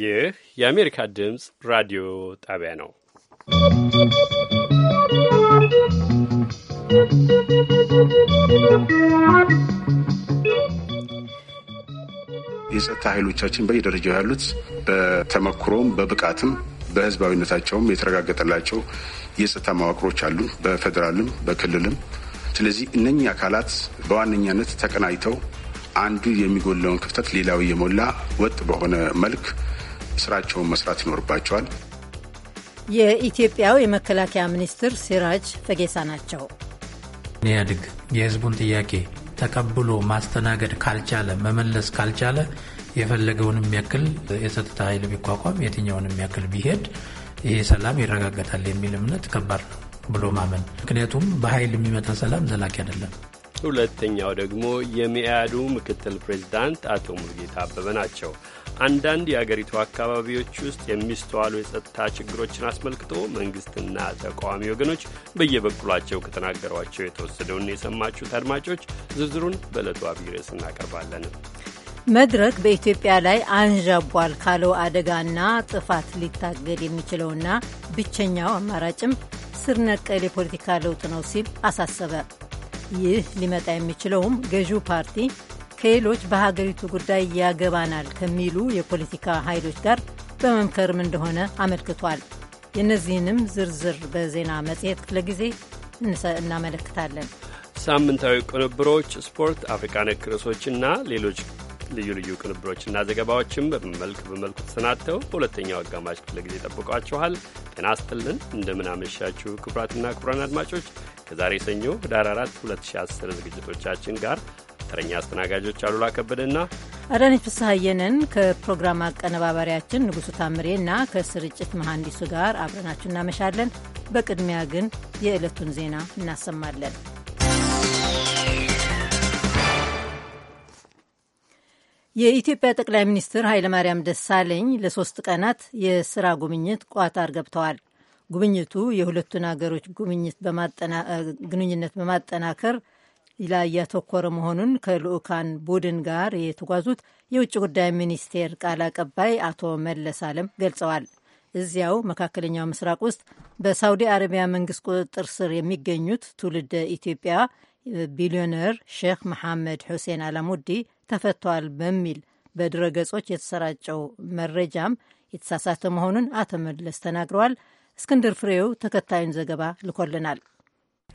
ይህ የአሜሪካ ድምፅ ራዲዮ ጣቢያ ነው። የጸጥታ ኃይሎቻችን በየደረጃው ያሉት በተመክሮም በብቃትም በህዝባዊነታቸውም የተረጋገጠላቸው የጸጥታ መዋቅሮች አሉ። በፌዴራልም በክልልም ስለዚህ እነኚህ አካላት በዋነኛነት ተቀናጅተው አንዱ የሚጎለውን ክፍተት ሌላው የሞላ ወጥ በሆነ መልክ ስራቸውን መስራት ይኖርባቸዋል። የኢትዮጵያው የመከላከያ ሚኒስትር ሲራጅ ፈጌሳ ናቸው። ኒያድግ የህዝቡን ጥያቄ ተቀብሎ ማስተናገድ ካልቻለ፣ መመለስ ካልቻለ የፈለገውንም ያክል የጸጥታ ኃይል ቢቋቋም የትኛውንም ያክል ቢሄድ ይሄ ሰላም ይረጋገጣል የሚል እምነት ከባድ ነው። ብሎ ማመን። ምክንያቱም በኃይል የሚመጣ ሰላም ዘላቂ አይደለም። ሁለተኛው ደግሞ የሚያዱ ምክትል ፕሬዚዳንት አቶ ሙሉጌታ አበበ ናቸው። አንዳንድ የአገሪቱ አካባቢዎች ውስጥ የሚስተዋሉ የጸጥታ ችግሮችን አስመልክቶ መንግስትና ተቃዋሚ ወገኖች በየበኩላቸው ከተናገሯቸው የተወሰደውን የሰማችሁት። አድማጮች ዝርዝሩን በዕለቱ አብይ ርዕስ እናቀርባለን። መድረክ በኢትዮጵያ ላይ አንዣቧል ካለው አደጋና ጥፋት ሊታገድ የሚችለውና ብቸኛው አማራጭም ስር ነቀል የፖለቲካ ለውጥ ነው ሲል አሳሰበ። ይህ ሊመጣ የሚችለውም ገዢው ፓርቲ ከሌሎች በሀገሪቱ ጉዳይ ያገባናል ከሚሉ የፖለቲካ ኃይሎች ጋር በመምከርም እንደሆነ አመልክቷል። የእነዚህንም ዝርዝር በዜና መጽሔት ክፍለ ጊዜ እናመለክታለን። ሳምንታዊ ቅንብሮች፣ ስፖርት፣ አፍሪካ ነክ ርዕሶችና ሌሎች ልዩ ልዩ ቅንብሮችና ዘገባዎችን በመልክ በመልኩ ተሰናድተው በሁለተኛው አጋማሽ ክፍለ ጊዜ ጠብቋችኋል። ጤና ይስጥልን፣ እንደምናመሻችሁ ክቡራትና ክቡራን አድማጮች ከዛሬ ሰኞ ህዳር 4 2010 ዝግጅቶቻችን ጋር ተረኛ አስተናጋጆች አሉላ ከበደና አዳነች ፍስሐየንን ከፕሮግራም አቀነባባሪያችን ንጉሱ ታምሬና ከስርጭት መሐንዲሱ ጋር አብረናችሁ እናመሻለን። በቅድሚያ ግን የዕለቱን ዜና እናሰማለን። የኢትዮጵያ ጠቅላይ ሚኒስትር ኃይለማርያም ደሳለኝ ለሶስት ቀናት የስራ ጉብኝት ቋታር ገብተዋል። ጉብኝቱ የሁለቱን ሀገሮች ግንኙነት በማጠናከር ላይ ያተኮረ መሆኑን ከልዑካን ቡድን ጋር የተጓዙት የውጭ ጉዳይ ሚኒስቴር ቃል አቀባይ አቶ መለስ አለም ገልጸዋል። እዚያው መካከለኛው ምስራቅ ውስጥ በሳውዲ አረቢያ መንግስት ቁጥጥር ስር የሚገኙት ትውልደ ኢትዮጵያ ቢሊዮነር ሼክ መሐመድ ሁሴን አላሙዲ ተፈቷል በሚል በድረ ገጾች የተሰራጨው መረጃም የተሳሳተ መሆኑን አቶ መለስ ተናግረዋል። እስክንድር ፍሬው ተከታዩን ዘገባ ልኮልናል።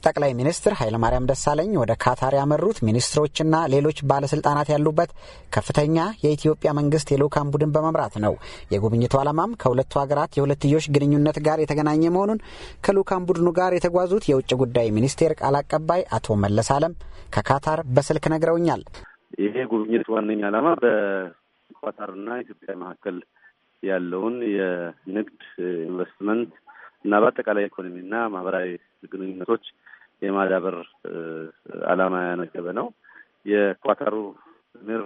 ጠቅላይ ሚኒስትር ኃይለማርያም ደሳለኝ ወደ ካታር ያመሩት ሚኒስትሮችና ሌሎች ባለስልጣናት ያሉበት ከፍተኛ የኢትዮጵያ መንግስት የልዑካን ቡድን በመምራት ነው። የጉብኝቱ ዓላማም ከሁለቱ ሀገራት የሁለትዮሽ ግንኙነት ጋር የተገናኘ መሆኑን ከልዑካን ቡድኑ ጋር የተጓዙት የውጭ ጉዳይ ሚኒስቴር ቃል አቀባይ አቶ መለስ አለም ከካታር በስልክ ነግረውኛል። ይሄ ጉብኝት ዋነኛ ዓላማ በኳታርና ኢትዮጵያ መካከል ያለውን የንግድ ኢንቨስትመንት እና በአጠቃላይ ኢኮኖሚና ማህበራዊ ግንኙነቶች የማዳበር ዓላማ ያነገበ ነው። የኳታሩ ምር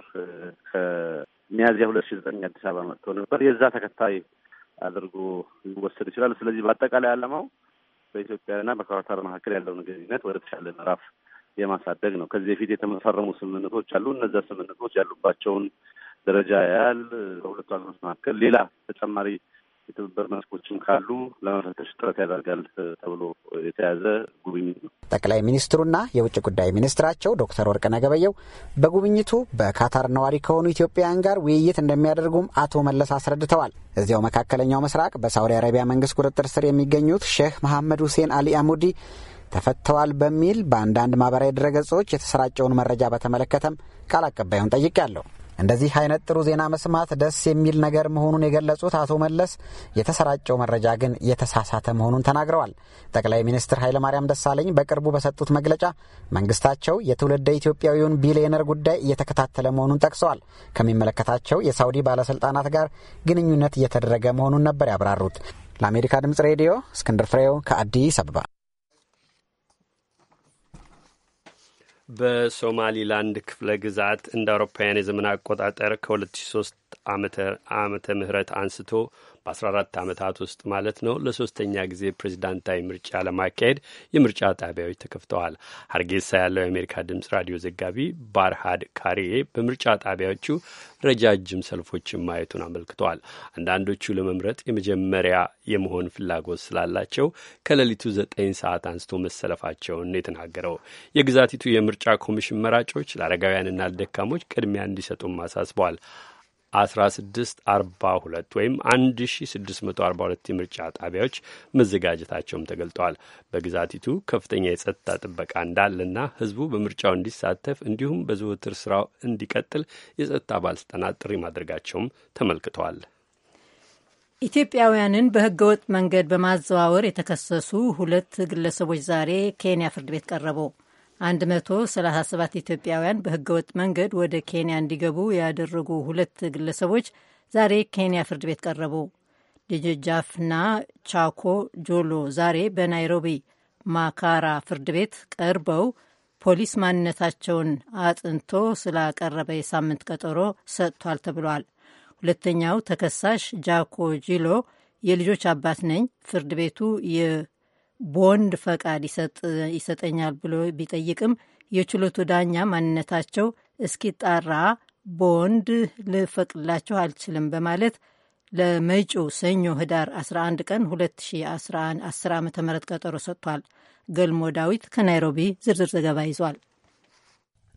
ከሚያዚያ ሁለት ሺ ዘጠኝ አዲስ አበባ መጥቶ ነበር። የዛ ተከታይ አድርጎ ሊወሰድ ይችላል። ስለዚህ በአጠቃላይ ዓላማው በኢትዮጵያና በኳታር መካከል ያለውን ግንኙነት ወደ ተሻለ ምዕራፍ የማሳደግ ነው። ከዚህ በፊት የተፈረሙ ስምምነቶች አሉ። እነዛ ስምምነቶች ያሉባቸውን ደረጃ ያህል በሁለቱ ሀገሮች መካከል ሌላ ተጨማሪ የትብብር መስኮችም ካሉ ለመፈተሽ ጥረት ያደርጋል ተብሎ የተያዘ ጉብኝት ነው። ጠቅላይ ሚኒስትሩና የውጭ ጉዳይ ሚኒስትራቸው ዶክተር ወርቅነህ ገበየሁ በጉብኝቱ በካታር ነዋሪ ከሆኑ ኢትዮጵያውያን ጋር ውይይት እንደሚያደርጉም አቶ መለስ አስረድተዋል። እዚያው መካከለኛው ምስራቅ በሳውዲ አረቢያ መንግስት ቁጥጥር ስር የሚገኙት ሼህ መሐመድ ሁሴን አሊ አሙዲ ተፈተዋል በሚል በአንዳንድ ማህበራዊ ድረገጾች የተሰራጨውን መረጃ በተመለከተም ቃል አቀባዩን ጠይቄያለሁ። እንደዚህ አይነት ጥሩ ዜና መስማት ደስ የሚል ነገር መሆኑን የገለጹት አቶ መለስ የተሰራጨው መረጃ ግን የተሳሳተ መሆኑን ተናግረዋል። ጠቅላይ ሚኒስትር ኃይለማርያም ደሳለኝ በቅርቡ በሰጡት መግለጫ መንግስታቸው የትውልደ ኢትዮጵያዊውን ቢሊዮነር ጉዳይ እየተከታተለ መሆኑን ጠቅሰዋል። ከሚመለከታቸው የሳውዲ ባለስልጣናት ጋር ግንኙነት እየተደረገ መሆኑን ነበር ያብራሩት። ለአሜሪካ ድምጽ ሬዲዮ እስክንድር ፍሬው ከአዲስ አበባ በሶማሊላንድ ክፍለ ግዛት እንደ አውሮፓውያን የዘመን አቆጣጠር ከ2003 ዓመተ ምህረት አንስቶ በ14 ዓመታት ውስጥ ማለት ነው ለሶስተኛ ጊዜ ፕሬዚዳንታዊ ምርጫ ለማካሄድ የምርጫ ጣቢያዎች ተከፍተዋል። ሀርጌሳ ያለው የአሜሪካ ድምፅ ራዲዮ ዘጋቢ ባርሃድ ካሬ በምርጫ ጣቢያዎቹ ረጃጅም ሰልፎችን ማየቱን አመልክተዋል። አንዳንዶቹ ለመምረጥ የመጀመሪያ የመሆን ፍላጎት ስላላቸው ከሌሊቱ ዘጠኝ ሰዓት አንስቶ መሰለፋቸውን የተናገረው። የግዛቲቱ የምርጫ ኮሚሽን መራጮች ለአረጋውያንና ለደካሞች ቅድሚያ እንዲሰጡም አሳስበዋል። 1642 ወይም 1642 የምርጫ ጣቢያዎች መዘጋጀታቸውም ተገልጧል። በግዛቲቱ ከፍተኛ የጸጥታ ጥበቃ እንዳለና ሕዝቡ በምርጫው እንዲሳተፍ እንዲሁም በዘወትር ስራው እንዲቀጥል የጸጥታ ባለስልጣናት ጥሪ ማድረጋቸውም ተመልክተዋል። ኢትዮጵያውያንን በህገወጥ መንገድ በማዘዋወር የተከሰሱ ሁለት ግለሰቦች ዛሬ ኬንያ ፍርድ ቤት ቀረበው። 137 ኢትዮጵያውያን በህገወጥ መንገድ ወደ ኬንያ እንዲገቡ ያደረጉ ሁለት ግለሰቦች ዛሬ ኬንያ ፍርድ ቤት ቀረቡ። ደጃፍና ቻኮ ጆሎ ዛሬ በናይሮቢ ማካራ ፍርድ ቤት ቀርበው ፖሊስ ማንነታቸውን አጥንቶ ስላቀረበ የሳምንት ቀጠሮ ሰጥቷል ተብሏል። ሁለተኛው ተከሳሽ ጃኮ ጂሎ የልጆች አባት ነኝ፣ ፍርድ ቤቱ ቦንድ ፈቃድ ይሰጠኛል ብሎ ቢጠይቅም የችሎቱ ዳኛ ማንነታቸው እስኪጣራ ቦንድ ልፈቅድላቸው አልችልም በማለት ለመጪው ሰኞ ህዳር 11 ቀን 2010 ዓ ም ቀጠሮ ሰጥቷል። ገልሞ ዳዊት ከናይሮቢ ዝርዝር ዘገባ ይዟል።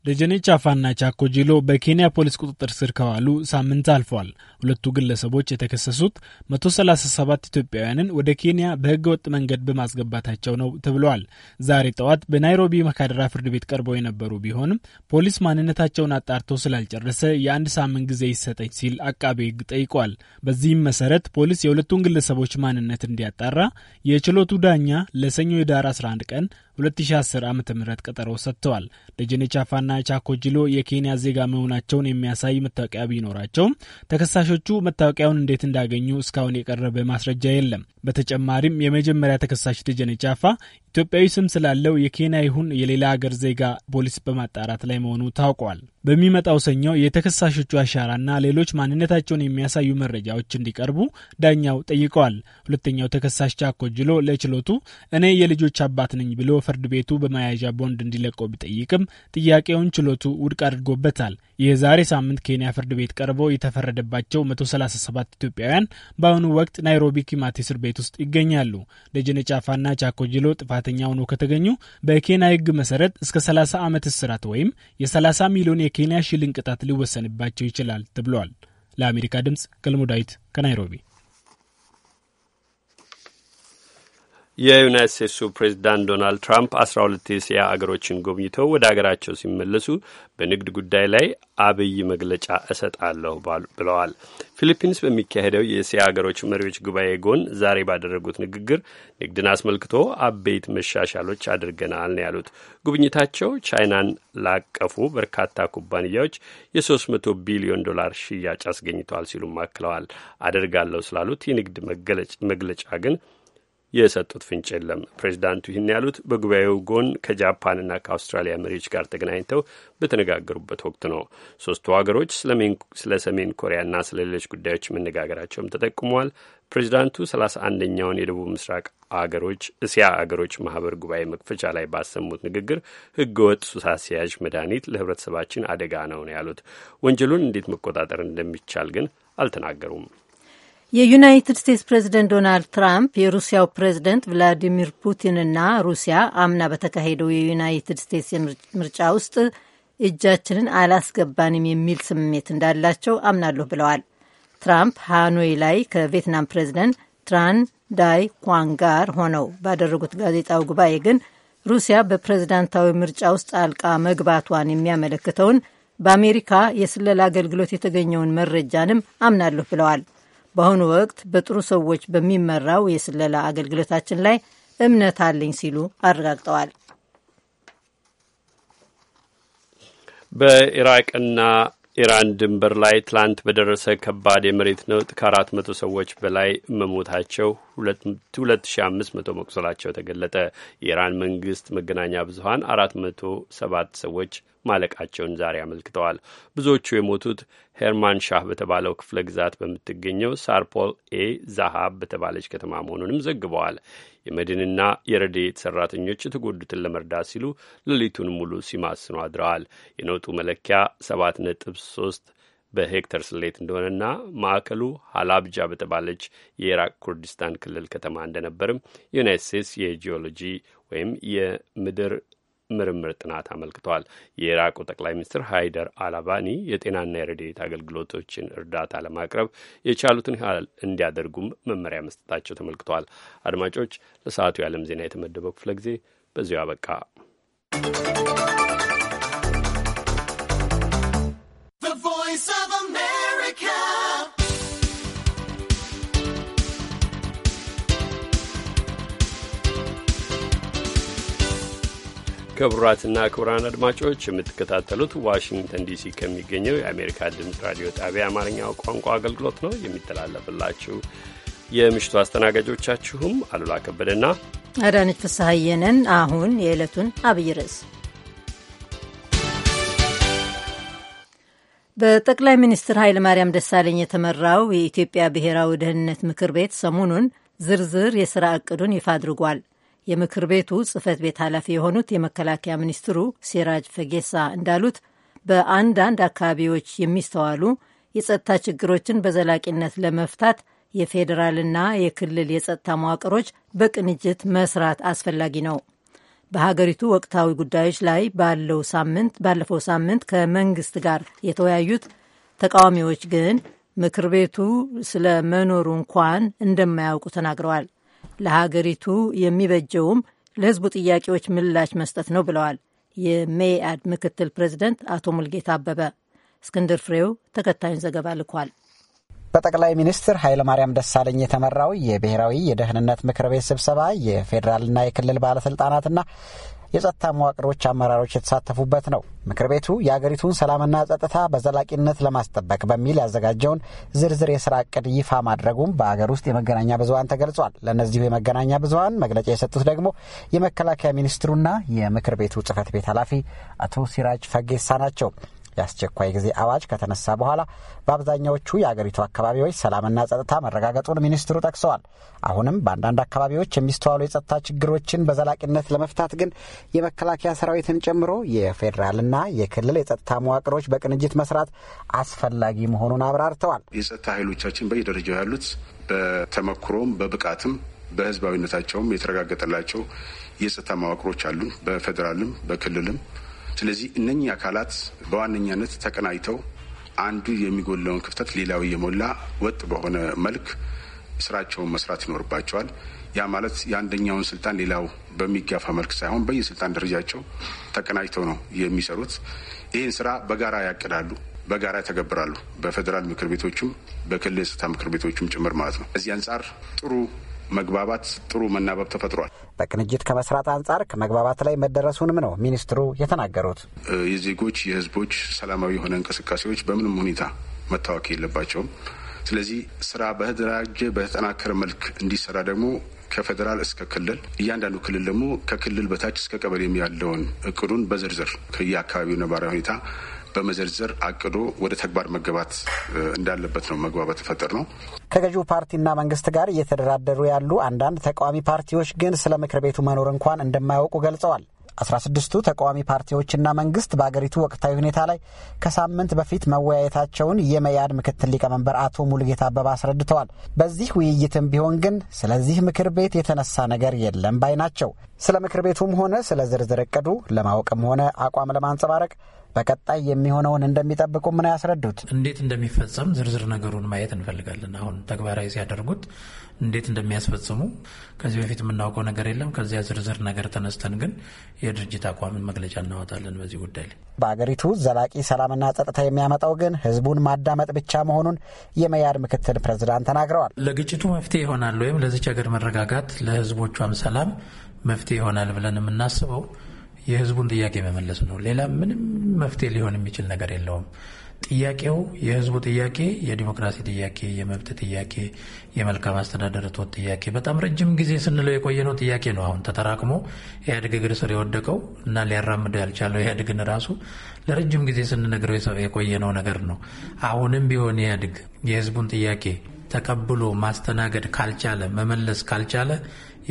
ደጀኔ ጫፋና ቻኮ ጂሎ በኬንያ ፖሊስ ቁጥጥር ስር ከዋሉ ሳምንት አልፈዋል። ሁለቱ ግለሰቦች የተከሰሱት 137 ኢትዮጵያውያንን ወደ ኬንያ በሕገ ወጥ መንገድ በማስገባታቸው ነው ተብለዋል። ዛሬ ጠዋት በናይሮቢ መካደራ ፍርድ ቤት ቀርበው የነበሩ ቢሆንም ፖሊስ ማንነታቸውን አጣርቶ ስላልጨረሰ የአንድ ሳምንት ጊዜ ይሰጠኝ ሲል አቃቤ ሕግ ጠይቋል። በዚህም መሰረት ፖሊስ የሁለቱን ግለሰቦች ማንነት እንዲያጣራ የችሎቱ ዳኛ ለሰኞ የዳር 11 ቀን 2010 ዓ ም ቀጠሮ ሰጥተዋል። ደጀኔ ቻፋና ቻኮጅሎ የኬንያ ዜጋ መሆናቸውን የሚያሳይ መታወቂያ ቢኖራቸውም ተከሳሾቹ መታወቂያውን እንዴት እንዳገኙ እስካሁን የቀረበ ማስረጃ የለም። በተጨማሪም የመጀመሪያ ተከሳሽ ደጀኔ ጫፋ ኢትዮጵያዊ ስም ስላለው የኬንያ ይሁን የሌላ አገር ዜጋ ፖሊስ በማጣራት ላይ መሆኑ ታውቋል። በሚመጣው ሰኞ የተከሳሾቹ አሻራና ሌሎች ማንነታቸውን የሚያሳዩ መረጃዎች እንዲቀርቡ ዳኛው ጠይቀዋል። ሁለተኛው ተከሳሽ ቻኮ ጅሎ ለችሎቱ እኔ የልጆች አባት ነኝ ብሎ ፍርድ ቤቱ በመያዣ ቦንድ እንዲለቀው ቢጠይቅም ጥያቄውን ችሎቱ ውድቅ አድርጎበታል። የዛሬ ሳምንት ኬንያ ፍርድ ቤት ቀርበው የተፈረደባቸው 137 ኢትዮጵያውያን በአሁኑ ወቅት ናይሮቢ ኪማት እስር ቤት ውስጥ ይገኛሉ። ደጀኔ ጫፋና ቻኮጅሎ ጥፋተኛ ሆኖ ከተገኙ በኬንያ ሕግ መሰረት እስከ 30 ዓመት እስራት ወይም የ30 ሚሊዮን የኬንያ ሽልንግ ቅጣት ሊወሰንባቸው ይችላል ተብሏል። ለአሜሪካ ድምጽ ገልሞ ዳዊት ከናይሮቢ የዩናይት ስቴትሱ ፕሬዚዳንት ዶናልድ ትራምፕ አስራ ሁለት የእስያ አገሮችን ጎብኝተው ወደ አገራቸው ሲመለሱ በንግድ ጉዳይ ላይ አብይ መግለጫ እሰጣለሁ ብለዋል። ፊሊፒንስ በሚካሄደው የእስያ አገሮች መሪዎች ጉባኤ ጎን ዛሬ ባደረጉት ንግግር ንግድን አስመልክቶ አበይት መሻሻሎች አድርገናል ነው ያሉት። ጉብኝታቸው ቻይናን ላቀፉ በርካታ ኩባንያዎች የሶስት መቶ ቢሊዮን ዶላር ሽያጭ አስገኝተዋል ሲሉም አክለዋል። አደርጋለሁ ስላሉት የንግድ መግለጫ ግን የሰጡት ፍንጭ የለም። ፕሬዚዳንቱ ይህን ያሉት በጉባኤው ጎን ከጃፓንና ከአውስትራሊያ መሪዎች ጋር ተገናኝተው በተነጋገሩበት ወቅት ነው። ሶስቱ ሀገሮች ስለ ሰሜን ኮሪያና ስለ ሌሎች ጉዳዮች መነጋገራቸውም ተጠቁመዋል። ፕሬዚዳንቱ ሰላሳ አንደኛውን የደቡብ ምስራቅ አገሮች እስያ አገሮች ማህበር ጉባኤ መክፈቻ ላይ ባሰሙት ንግግር ህገወጥ ሱስ አስያዥ መድኃኒት ለህብረተሰባችን አደጋ ነው ነው ያሉት። ወንጀሉን እንዴት መቆጣጠር እንደሚቻል ግን አልተናገሩም። የዩናይትድ ስቴትስ ፕሬዚደንት ዶናልድ ትራምፕ የሩሲያው ፕሬዝደንት ቭላዲሚር ፑቲንና ሩሲያ አምና በተካሄደው የዩናይትድ ስቴትስ ምርጫ ውስጥ እጃችንን አላስገባንም የሚል ስሜት እንዳላቸው አምናለሁ ብለዋል። ትራምፕ ሃኖይ ላይ ከቪየትናም ፕሬዝደንት ትራን ዳይ ኳን ጋር ሆነው ባደረጉት ጋዜጣዊ ጉባኤ ግን ሩሲያ በፕሬዝዳንታዊ ምርጫ ውስጥ ጣልቃ መግባቷን የሚያመለክተውን በአሜሪካ የስለላ አገልግሎት የተገኘውን መረጃንም አምናለሁ ብለዋል። በአሁኑ ወቅት በጥሩ ሰዎች በሚመራው የስለላ አገልግሎታችን ላይ እምነት አለኝ ሲሉ አረጋግጠዋል። በኢራቅና ኢራን ድንበር ላይ ትላንት በደረሰ ከባድ የመሬት ነውጥ ከአራት መቶ ሰዎች በላይ መሞታቸው ሁለት ሺ አምስት መቶ መቁሰላቸው ተገለጠ። የኢራን መንግስት መገናኛ ብዙኃን አራት መቶ ሰባት ሰዎች ማለቃቸውን ዛሬ አመልክተዋል። ብዙዎቹ የሞቱት ሄርማን ሻህ በተባለው ክፍለ ግዛት በምትገኘው ሳርፖል ኤ ዛሃብ በተባለች ከተማ መሆኑንም ዘግበዋል። የመድንና የረድኤት ሰራተኞች የተጎዱትን ለመርዳት ሲሉ ሌሊቱን ሙሉ ሲማስኑ አድረዋል። የነውጡ መለኪያ ሰባት ነጥብ ሶስት በሄክተር ስሌት እንደሆነና ማዕከሉ ሀላብጃ በተባለች የኢራቅ ኩርዲስታን ክልል ከተማ እንደነበርም ዩናይት ስቴትስ የጂኦሎጂ ወይም የምድር ምርምር ጥናት አመልክቷል። የኢራቁ ጠቅላይ ሚኒስትር ሃይደር አላባኒ የጤናና የረድኤት አገልግሎቶችን እርዳታ ለማቅረብ የቻሉትን ያህል እንዲያደርጉም መመሪያ መስጠታቸው ተመልክቷል። አድማጮች፣ ለሰዓቱ የዓለም ዜና የተመደበው ክፍለ ጊዜ በዚሁ አበቃ። ክቡራትና ክቡራን አድማጮች የምትከታተሉት ዋሽንግተን ዲሲ ከሚገኘው የአሜሪካ ድምፅ ራዲዮ ጣቢያ አማርኛው ቋንቋ አገልግሎት ነው የሚተላለፍላችሁ። የምሽቱ አስተናጋጆቻችሁም አሉላ ከበደና አዳነች ፍስሐየንን። አሁን የዕለቱን አብይ ርዕስ በጠቅላይ ሚኒስትር ማርያም ደሳለኝ የተመራው የኢትዮጵያ ብሔራዊ ደህንነት ምክር ቤት ሰሞኑን ዝርዝር የሥራ ዕቅዱን ይፋ አድርጓል። የምክር ቤቱ ጽህፈት ቤት ኃላፊ የሆኑት የመከላከያ ሚኒስትሩ ሲራጅ ፈጌሳ እንዳሉት በአንዳንድ አካባቢዎች የሚስተዋሉ የጸጥታ ችግሮችን በዘላቂነት ለመፍታት የፌዴራልና የክልል የጸጥታ መዋቅሮች በቅንጅት መስራት አስፈላጊ ነው። በሀገሪቱ ወቅታዊ ጉዳዮች ላይ ባለው ሳምንት ባለፈው ሳምንት ከመንግስት ጋር የተወያዩት ተቃዋሚዎች ግን ምክር ቤቱ ስለመኖሩ እንኳን እንደማያውቁ ተናግረዋል። ለሀገሪቱ የሚበጀውም ለህዝቡ ጥያቄዎች ምላሽ መስጠት ነው ብለዋል የሜአድ ምክትል ፕሬዚደንት አቶ ሙልጌታ አበበ። እስክንድር ፍሬው ተከታዩን ዘገባ ልኳል። በጠቅላይ ሚኒስትር ኃይለማርያም ደሳለኝ የተመራው የብሔራዊ የደህንነት ምክር ቤት ስብሰባ የፌዴራልና የክልል ባለስልጣናትና የጸጥታ መዋቅሮች አመራሮች የተሳተፉበት ነው። ምክር ቤቱ የአገሪቱን ሰላምና ጸጥታ በዘላቂነት ለማስጠበቅ በሚል ያዘጋጀውን ዝርዝር የስራ እቅድ ይፋ ማድረጉም በአገር ውስጥ የመገናኛ ብዙሀን ተገልጿል። ለእነዚሁ የመገናኛ ብዙሀን መግለጫ የሰጡት ደግሞ የመከላከያ ሚኒስትሩና የምክር ቤቱ ጽህፈት ቤት ኃላፊ አቶ ሲራጅ ፈጌሳ ናቸው። የአስቸኳይ ጊዜ አዋጅ ከተነሳ በኋላ በአብዛኛዎቹ የአገሪቱ አካባቢዎች ሰላምና ጸጥታ መረጋገጡን ሚኒስትሩ ጠቅሰዋል። አሁንም በአንዳንድ አካባቢዎች የሚስተዋሉ የጸጥታ ችግሮችን በዘላቂነት ለመፍታት ግን የመከላከያ ሰራዊትን ጨምሮ የፌዴራልና የክልል የጸጥታ መዋቅሮች በቅንጅት መስራት አስፈላጊ መሆኑን አብራርተዋል። የጸጥታ ኃይሎቻችን በየደረጃው ያሉት በተመክሮም በብቃትም በህዝባዊነታቸውም የተረጋገጠላቸው የጸጥታ መዋቅሮች አሉን በፌዴራልም በክልልም ስለዚህ እነኚህ አካላት በዋነኛነት ተቀናጅተው አንዱ የሚጎለውን ክፍተት ሌላው እየሞላ ወጥ በሆነ መልክ ስራቸውን መስራት ይኖርባቸዋል። ያ ማለት የአንደኛውን ስልጣን ሌላው በሚጋፋ መልክ ሳይሆን በየስልጣን ደረጃቸው ተቀናጅተው ነው የሚሰሩት። ይህን ስራ በጋራ ያቅዳሉ፣ በጋራ ይተገብራሉ። በፌዴራል ምክር ቤቶችም በክልል ጸጥታ ምክር ቤቶችም ጭምር ማለት ነው። እዚህ አንጻር ጥሩ መግባባት፣ ጥሩ መናበብ ተፈጥሯል። በቅንጅት ከመስራት አንጻር ከመግባባት ላይ መደረሱንም ነው ሚኒስትሩ የተናገሩት። የዜጎች የህዝቦች ሰላማዊ የሆነ እንቅስቃሴዎች በምንም ሁኔታ መታወክ የለባቸውም። ስለዚህ ስራ በተደራጀ በተጠናከረ መልክ እንዲሰራ ደግሞ ከፌዴራል እስከ ክልል እያንዳንዱ ክልል ደግሞ ከክልል በታች እስከ ቀበሌም ያለውን እቅዱን በዝርዝር ከየአካባቢው ነባራዊ ሁኔታ በመዘርዘር አቅዶ ወደ ተግባር መገባት እንዳለበት ነው መግባባት የፈጠር ነው። ከገዢው ፓርቲና መንግስት ጋር እየተደራደሩ ያሉ አንዳንድ ተቃዋሚ ፓርቲዎች ግን ስለ ምክር ቤቱ መኖር እንኳን እንደማያውቁ ገልጸዋል። አስራ ስድስቱ ተቃዋሚ ፓርቲዎችና መንግስት በአገሪቱ ወቅታዊ ሁኔታ ላይ ከሳምንት በፊት መወያየታቸውን የመያድ ምክትል ሊቀመንበር አቶ ሙሉጌታ አበባ አስረድተዋል። በዚህ ውይይትም ቢሆን ግን ስለዚህ ምክር ቤት የተነሳ ነገር የለም ባይ ናቸው። ስለ ምክር ቤቱም ሆነ ስለ ዝርዝር እቅዱ ለማወቅም ሆነ አቋም ለማንጸባረቅ በቀጣይ የሚሆነውን እንደሚጠብቁ ምን ያስረዱት። እንዴት እንደሚፈጸም ዝርዝር ነገሩን ማየት እንፈልጋለን። አሁን ተግባራዊ ሲያደርጉት እንዴት እንደሚያስፈጽሙ ከዚህ በፊት የምናውቀው ነገር የለም። ከዚያ ዝርዝር ነገር ተነስተን ግን የድርጅት አቋምን መግለጫ እናወጣለን በዚህ ጉዳይ ላይ። በአገሪቱ ዘላቂ ሰላምና ጸጥታ የሚያመጣው ግን ህዝቡን ማዳመጥ ብቻ መሆኑን የመያድ ምክትል ፕሬዝዳንት ተናግረዋል። ለግጭቱ መፍትሄ ይሆናል ወይም ለዚች ሀገር መረጋጋት፣ ለህዝቦቿም ሰላም መፍትሄ ይሆናል ብለን የምናስበው የህዝቡን ጥያቄ መመለስ ነው። ሌላ ምንም መፍትሄ ሊሆን የሚችል ነገር የለውም። ጥያቄው የህዝቡ ጥያቄ የዲሞክራሲ ጥያቄ፣ የመብት ጥያቄ፣ የመልካም አስተዳደር እጦት ጥያቄ በጣም ረጅም ጊዜ ስንለው የቆየነው ጥያቄ ነው። አሁን ተጠራቅሞ ኢህአዴግ እግር ስር የወደቀው እና ሊያራምደው ያልቻለው ኢህአዴግን ራሱ ለረጅም ጊዜ ስንነግረው የቆየነው ነገር ነው። አሁንም ቢሆን ኢህአዴግ የህዝቡን ጥያቄ ተቀብሎ ማስተናገድ ካልቻለ፣ መመለስ ካልቻለ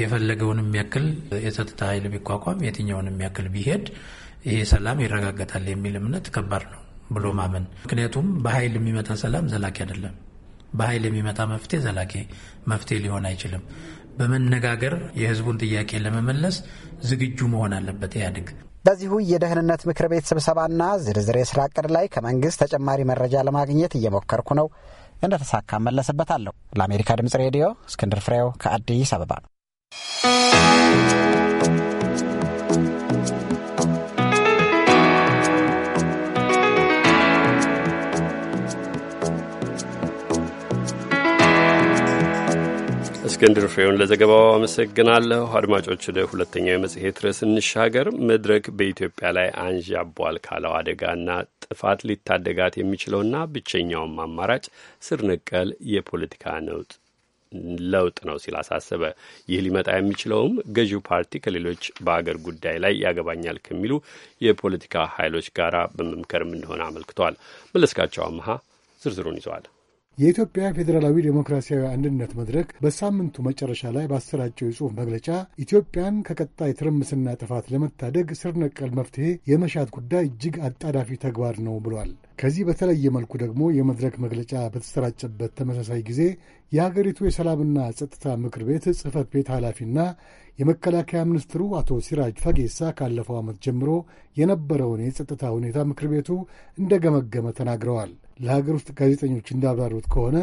የፈለገውንም ያክል የጸጥታ ኃይል ቢቋቋም የትኛውንም ያክል ቢሄድ ይሄ ሰላም ይረጋገጣል የሚል እምነት ከባድ ነው ብሎ ማመን። ምክንያቱም በኃይል የሚመጣ ሰላም ዘላቂ አይደለም። በኃይል የሚመጣ መፍትሄ ዘላቂ መፍትሄ ሊሆን አይችልም። በመነጋገር የህዝቡን ጥያቄ ለመመለስ ዝግጁ መሆን አለበት ኢህአዴግ። በዚሁ የደህንነት ምክር ቤት ስብሰባና ዝርዝር የስራ እቅድ ላይ ከመንግስት ተጨማሪ መረጃ ለማግኘት እየሞከርኩ ነው። እንደተሳካ መለስበታለሁ። ለአሜሪካ ድምጽ ሬዲዮ እስክንድር ፍሬው ከአዲስ አበባ። ነው እስክንድር ፍሬውን ለዘገባው አመሰግናለሁ። አድማጮች፣ ወደ ሁለተኛው የመጽሔት ርዕስ እንሻገር። መድረክ በኢትዮጵያ ላይ አንዣቧል ካለው አደጋና ጥፋት ሊታደጋት የሚችለውና ብቸኛውም አማራጭ ስር ነቀል የፖለቲካ ነውጥ ለውጥ ነው ሲል አሳሰበ። ይህ ሊመጣ የሚችለውም ገዢው ፓርቲ ከሌሎች በአገር ጉዳይ ላይ ያገባኛል ከሚሉ የፖለቲካ ኃይሎች ጋራ በመምከርም እንደሆነ አመልክቷል። መለስካቸው አመሃ ዝርዝሩን ይዘዋል። የኢትዮጵያ ፌዴራላዊ ዴሞክራሲያዊ አንድነት መድረክ በሳምንቱ መጨረሻ ላይ ባሰራጨው የጽሑፍ መግለጫ ኢትዮጵያን ከቀጣይ ትርምስና ጥፋት ለመታደግ ስር ነቀል መፍትሄ የመሻት ጉዳይ እጅግ አጣዳፊ ተግባር ነው ብሏል። ከዚህ በተለየ መልኩ ደግሞ የመድረክ መግለጫ በተሰራጨበት ተመሳሳይ ጊዜ የሀገሪቱ የሰላምና ጸጥታ ምክር ቤት ጽህፈት ቤት ኃላፊና የመከላከያ ሚኒስትሩ አቶ ሲራጅ ፈጌሳ ካለፈው ዓመት ጀምሮ የነበረውን የጸጥታ ሁኔታ ምክር ቤቱ እንደገመገመ ተናግረዋል። ለሀገር ውስጥ ጋዜጠኞች እንዳብራሩት ከሆነ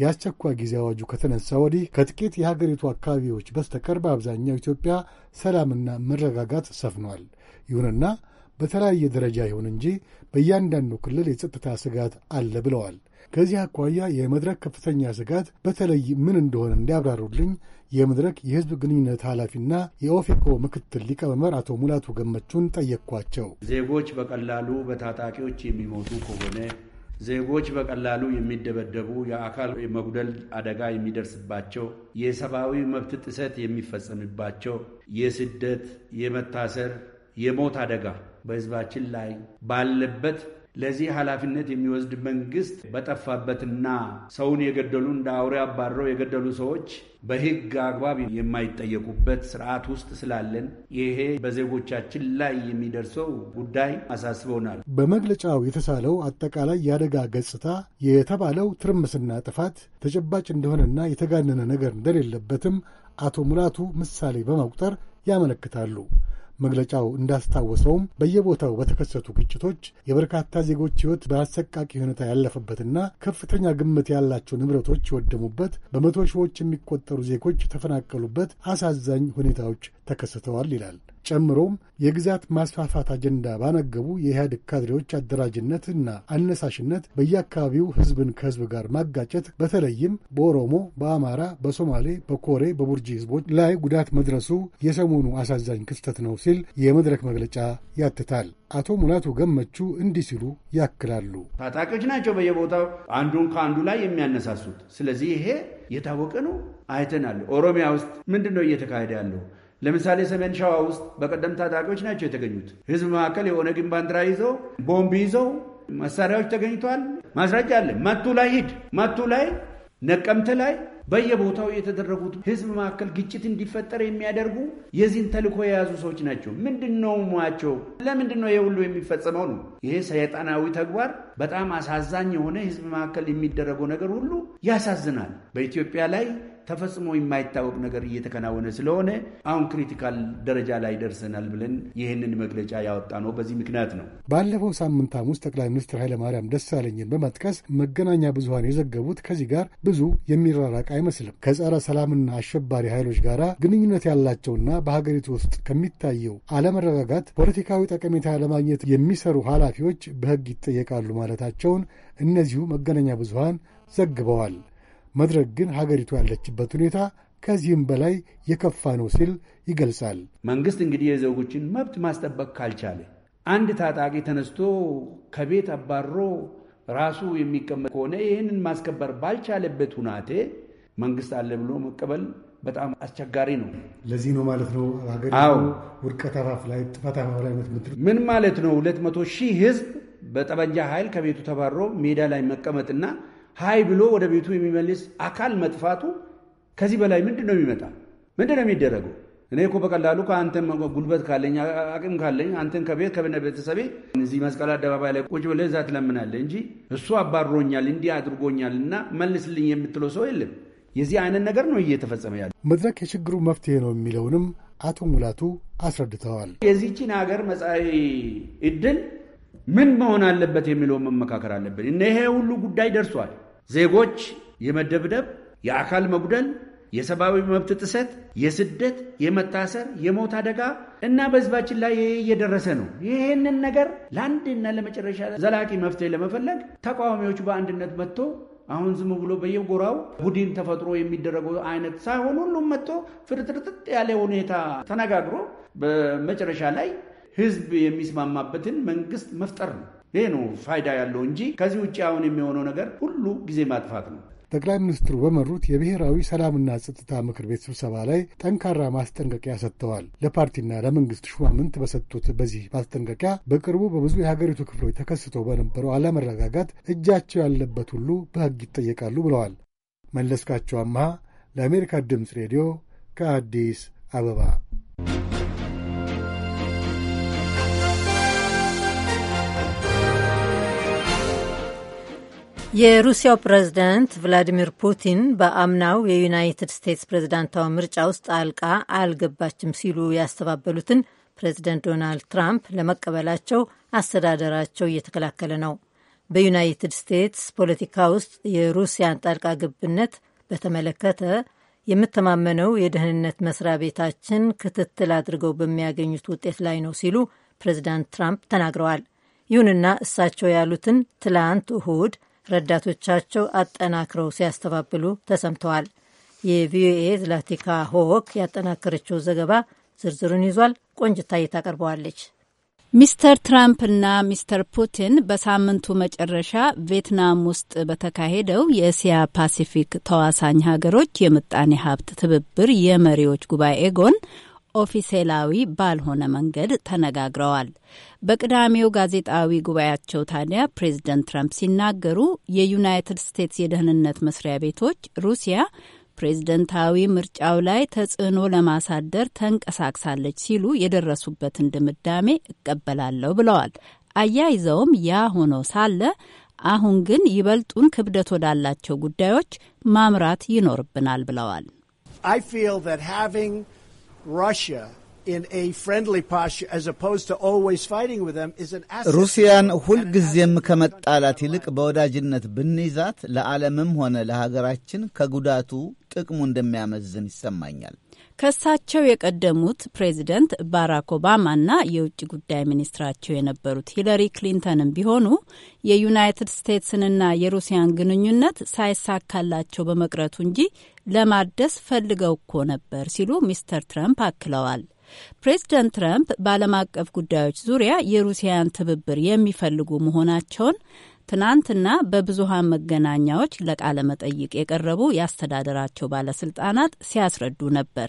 የአስቸኳይ ጊዜ አዋጁ ከተነሳ ወዲህ ከጥቂት የሀገሪቱ አካባቢዎች በስተቀር በአብዛኛው ኢትዮጵያ ሰላምና መረጋጋት ሰፍኗል። ይሁንና በተለያየ ደረጃ ይሁን እንጂ በእያንዳንዱ ክልል የጸጥታ ስጋት አለ ብለዋል። ከዚህ አኳያ የመድረክ ከፍተኛ ስጋት በተለይ ምን እንደሆነ እንዲያብራሩልኝ የመድረክ የህዝብ ግንኙነት ኃላፊና የኦፌኮ ምክትል ሊቀመንበር አቶ ሙላቱ ገመቹን ጠየቅኳቸው። ዜጎች በቀላሉ በታጣቂዎች የሚሞቱ ከሆነ ዜጎች በቀላሉ የሚደበደቡ፣ የአካል መጉደል አደጋ የሚደርስባቸው፣ የሰብአዊ መብት ጥሰት የሚፈጸምባቸው፣ የስደት፣ የመታሰር፣ የሞት አደጋ በህዝባችን ላይ ባለበት ለዚህ ኃላፊነት የሚወስድ መንግስት በጠፋበትና ሰውን የገደሉ እንደ አውሬ አባረው የገደሉ ሰዎች በህግ አግባብ የማይጠየቁበት ስርዓት ውስጥ ስላለን ይሄ በዜጎቻችን ላይ የሚደርሰው ጉዳይ አሳስበውናል። በመግለጫው የተሳለው አጠቃላይ የአደጋ ገጽታ የተባለው ትርምስና ጥፋት ተጨባጭ እንደሆነና የተጋነነ ነገር እንደሌለበትም አቶ ሙላቱ ምሳሌ በመቁጠር ያመለክታሉ። መግለጫው እንዳስታወሰውም በየቦታው በተከሰቱ ግጭቶች የበርካታ ዜጎች ሕይወት በአሰቃቂ ሁኔታ ያለፈበትና ከፍተኛ ግምት ያላቸው ንብረቶች የወደሙበት፣ በመቶ ሺዎች የሚቆጠሩ ዜጎች የተፈናቀሉበት አሳዛኝ ሁኔታዎች ተከስተዋል ይላል። ጨምሮም የግዛት ማስፋፋት አጀንዳ ባነገቡ የኢህአዴግ ካድሬዎች አደራጅነትና አነሳሽነት በየአካባቢው ህዝብን ከህዝብ ጋር ማጋጨት በተለይም በኦሮሞ፣ በአማራ፣ በሶማሌ፣ በኮሬ፣ በቡርጂ ህዝቦች ላይ ጉዳት መድረሱ የሰሞኑ አሳዛኝ ክስተት ነው ሲል የመድረክ መግለጫ ያትታል። አቶ ሙላቱ ገመቹ እንዲህ ሲሉ ያክላሉ። ታጣቂዎች ናቸው በየቦታው አንዱን ከአንዱ ላይ የሚያነሳሱት። ስለዚህ ይሄ የታወቀ ነው፣ አይተናል። ኦሮሚያ ውስጥ ምንድን ነው እየተካሄደ ያለው? ለምሳሌ ሰሜን ሸዋ ውስጥ በቀደም ታጣቂዎች ናቸው የተገኙት። ህዝብ መካከል የኦነግን ባንዲራ ይዘው ቦምብ ይዘው መሳሪያዎች ተገኝተዋል። ማስረጃ አለ። መቱ ላይ ሂድ፣ መቱ ላይ ነቀምት ላይ በየቦታው የተደረጉት ህዝብ መካከል ግጭት እንዲፈጠር የሚያደርጉ የዚህን ተልእኮ የያዙ ሰዎች ናቸው። ምንድን ነው ለምንድን ነው የሁሉ የሚፈጸመው ነው? ይሄ ሰይጣናዊ ተግባር በጣም አሳዛኝ የሆነ ህዝብ መካከል የሚደረገው ነገር ሁሉ ያሳዝናል። በኢትዮጵያ ላይ ተፈጽሞ የማይታወቅ ነገር እየተከናወነ ስለሆነ አሁን ክሪቲካል ደረጃ ላይ ደርሰናል ብለን ይህንን መግለጫ ያወጣ ነው በዚህ ምክንያት ነው። ባለፈው ሳምንት ሐሙስ ጠቅላይ ሚኒስትር ኃይለማርያም ደሳለኝን በመጥቀስ መገናኛ ብዙሀን የዘገቡት ከዚህ ጋር ብዙ የሚራራቅ አይመስልም። ከጸረ ሰላምና አሸባሪ ኃይሎች ጋር ግንኙነት ያላቸውና በሀገሪቱ ውስጥ ከሚታየው አለመረጋጋት ፖለቲካዊ ጠቀሜታ ለማግኘት የሚሰሩ ኃላፊዎች በሕግ ይጠየቃሉ ማለታቸውን እነዚሁ መገናኛ ብዙሀን ዘግበዋል። መድረክ ግን ሀገሪቱ ያለችበት ሁኔታ ከዚህም በላይ የከፋ ነው ሲል ይገልጻል። መንግስት እንግዲህ የዜጎችን መብት ማስጠበቅ ካልቻለ አንድ ታጣቂ ተነስቶ ከቤት አባሮ ራሱ የሚቀመጥ ከሆነ ይህንን ማስከበር ባልቻለበት ሁናቴ መንግስት አለ ብሎ መቀበል በጣም አስቸጋሪ ነው። ለዚህ ነው ማለት ነው ሀገሪቱ ውድቀት አፋፍ ላይ ጥፋት አፋፍ ላይ ምን ማለት ነው? ሁለት መቶ ሺህ ህዝብ በጠመንጃ ኃይል ከቤቱ ተባሮ ሜዳ ላይ መቀመጥና ሀይ ብሎ ወደ ቤቱ የሚመልስ አካል መጥፋቱ ከዚህ በላይ ምንድን ነው የሚመጣ? ምንድን ነው የሚደረገው? እኔ እኮ በቀላሉ ከአንተን ጉልበት ካለኝ አቅም ካለኝ አንተን ከቤት ከብነ ቤተሰቤ እዚህ መስቀል አደባባይ ላይ ቁጭ ብለህ እዛ ትለምናለህ እንጂ እሱ አባሮኛል እንዲህ አድርጎኛል እና መልስልኝ የምትለው ሰው የለም። የዚህ አይነት ነገር ነው እየተፈጸመ ያለ። መድረክ የችግሩ መፍትሄ ነው የሚለውንም አቶ ሙላቱ አስረድተዋል። የዚችን ሀገር መጻኢ ዕድል ምን መሆን አለበት የሚለውን መመካከር አለብን። ይሄ ሁሉ ጉዳይ ደርሷል። ዜጎች የመደብደብ፣ የአካል መጉደል፣ የሰብአዊ መብት ጥሰት፣ የስደት፣ የመታሰር፣ የሞት አደጋ እና በህዝባችን ላይ እየደረሰ ነው። ይህንን ነገር ለአንድና ለመጨረሻ ዘላቂ መፍትሄ ለመፈለግ ተቃዋሚዎቹ በአንድነት መጥቶ አሁን ዝም ብሎ በየጎራው ቡድን ተፈጥሮ የሚደረገው አይነት ሳይሆን ሁሉም መጥቶ ፍርጥርጥጥ ያለ ሁኔታ ተነጋግሮ በመጨረሻ ላይ ህዝብ የሚስማማበትን መንግስት መፍጠር ነው። ይሄ ነው ፋይዳ ያለው እንጂ ከዚህ ውጭ አሁን የሚሆነው ነገር ሁሉ ጊዜ ማጥፋት ነው። ጠቅላይ ሚኒስትሩ በመሩት የብሔራዊ ሰላምና ጸጥታ ምክር ቤት ስብሰባ ላይ ጠንካራ ማስጠንቀቂያ ሰጥተዋል። ለፓርቲና ለመንግስት ሹማምንት በሰጡት በዚህ ማስጠንቀቂያ በቅርቡ በብዙ የሀገሪቱ ክፍሎች ተከስቶ በነበረው አለመረጋጋት እጃቸው ያለበት ሁሉ በሕግ ይጠየቃሉ ብለዋል። መለስካቸው አምሃ ለአሜሪካ ድምፅ ሬዲዮ ከአዲስ አበባ የሩሲያው ፕሬዝዳንት ቭላዲሚር ፑቲን በአምናው የዩናይትድ ስቴትስ ፕሬዝዳንታዊ ምርጫ ውስጥ ጣልቃ አልገባችም ሲሉ ያስተባበሉትን ፕሬዝደንት ዶናልድ ትራምፕ ለመቀበላቸው አስተዳደራቸው እየተከላከለ ነው። በዩናይትድ ስቴትስ ፖለቲካ ውስጥ የሩሲያን ጣልቃ ገብነት በተመለከተ የምተማመነው የደህንነት መስሪያ ቤታችን ክትትል አድርገው በሚያገኙት ውጤት ላይ ነው ሲሉ ፕሬዝዳንት ትራምፕ ተናግረዋል። ይሁንና እሳቸው ያሉትን ትላንት እሁድ ረዳቶቻቸው አጠናክረው ሲያስተባብሉ ተሰምተዋል። የቪኦኤ ዝላቲካ ሆክ ያጠናከረችው ዘገባ ዝርዝሩን ይዟል። ቆንጅታ ታቀርበዋለች። ሚስተር ትራምፕና ሚስተር ፑቲን በሳምንቱ መጨረሻ ቪየትናም ውስጥ በተካሄደው የእስያ ፓሲፊክ ተዋሳኝ ሀገሮች የምጣኔ ሀብት ትብብር የመሪዎች ጉባኤ ጎን ኦፊሴላዊ ባልሆነ መንገድ ተነጋግረዋል። በቅዳሜው ጋዜጣዊ ጉባኤያቸው ታዲያ ፕሬዝደንት ትራምፕ ሲናገሩ የዩናይትድ ስቴትስ የደህንነት መስሪያ ቤቶች ሩሲያ ፕሬዝደንታዊ ምርጫው ላይ ተጽዕኖ ለማሳደር ተንቀሳቅሳለች ሲሉ የደረሱበትን ድምዳሜ እቀበላለሁ ብለዋል። አያይዘውም ያ ሆኖ ሳለ አሁን ግን ይበልጡን ክብደት ወዳላቸው ጉዳዮች ማምራት ይኖርብናል ብለዋል። ሩሲያን ሁልጊዜም ከመጣላት ይልቅ በወዳጅነት ብንይዛት ለዓለምም ሆነ ለሀገራችን ከጉዳቱ ጥቅሙ እንደሚያመዝን ይሰማኛል። ከእሳቸው የቀደሙት ፕሬዚደንት ባራክ ኦባማና የውጭ ጉዳይ ሚኒስትራቸው የነበሩት ሂለሪ ክሊንተንም ቢሆኑ የዩናይትድ ስቴትስንና የሩሲያን ግንኙነት ሳይሳካላቸው በመቅረቱ እንጂ ለማደስ ፈልገው እኮ ነበር ሲሉ ሚስተር ትረምፕ አክለዋል። ፕሬዚደንት ትረምፕ በዓለም አቀፍ ጉዳዮች ዙሪያ የሩሲያን ትብብር የሚፈልጉ መሆናቸውን ትናንትና በብዙሃን መገናኛዎች ለቃለ መጠይቅ የቀረቡ የአስተዳደራቸው ባለስልጣናት ሲያስረዱ ነበር።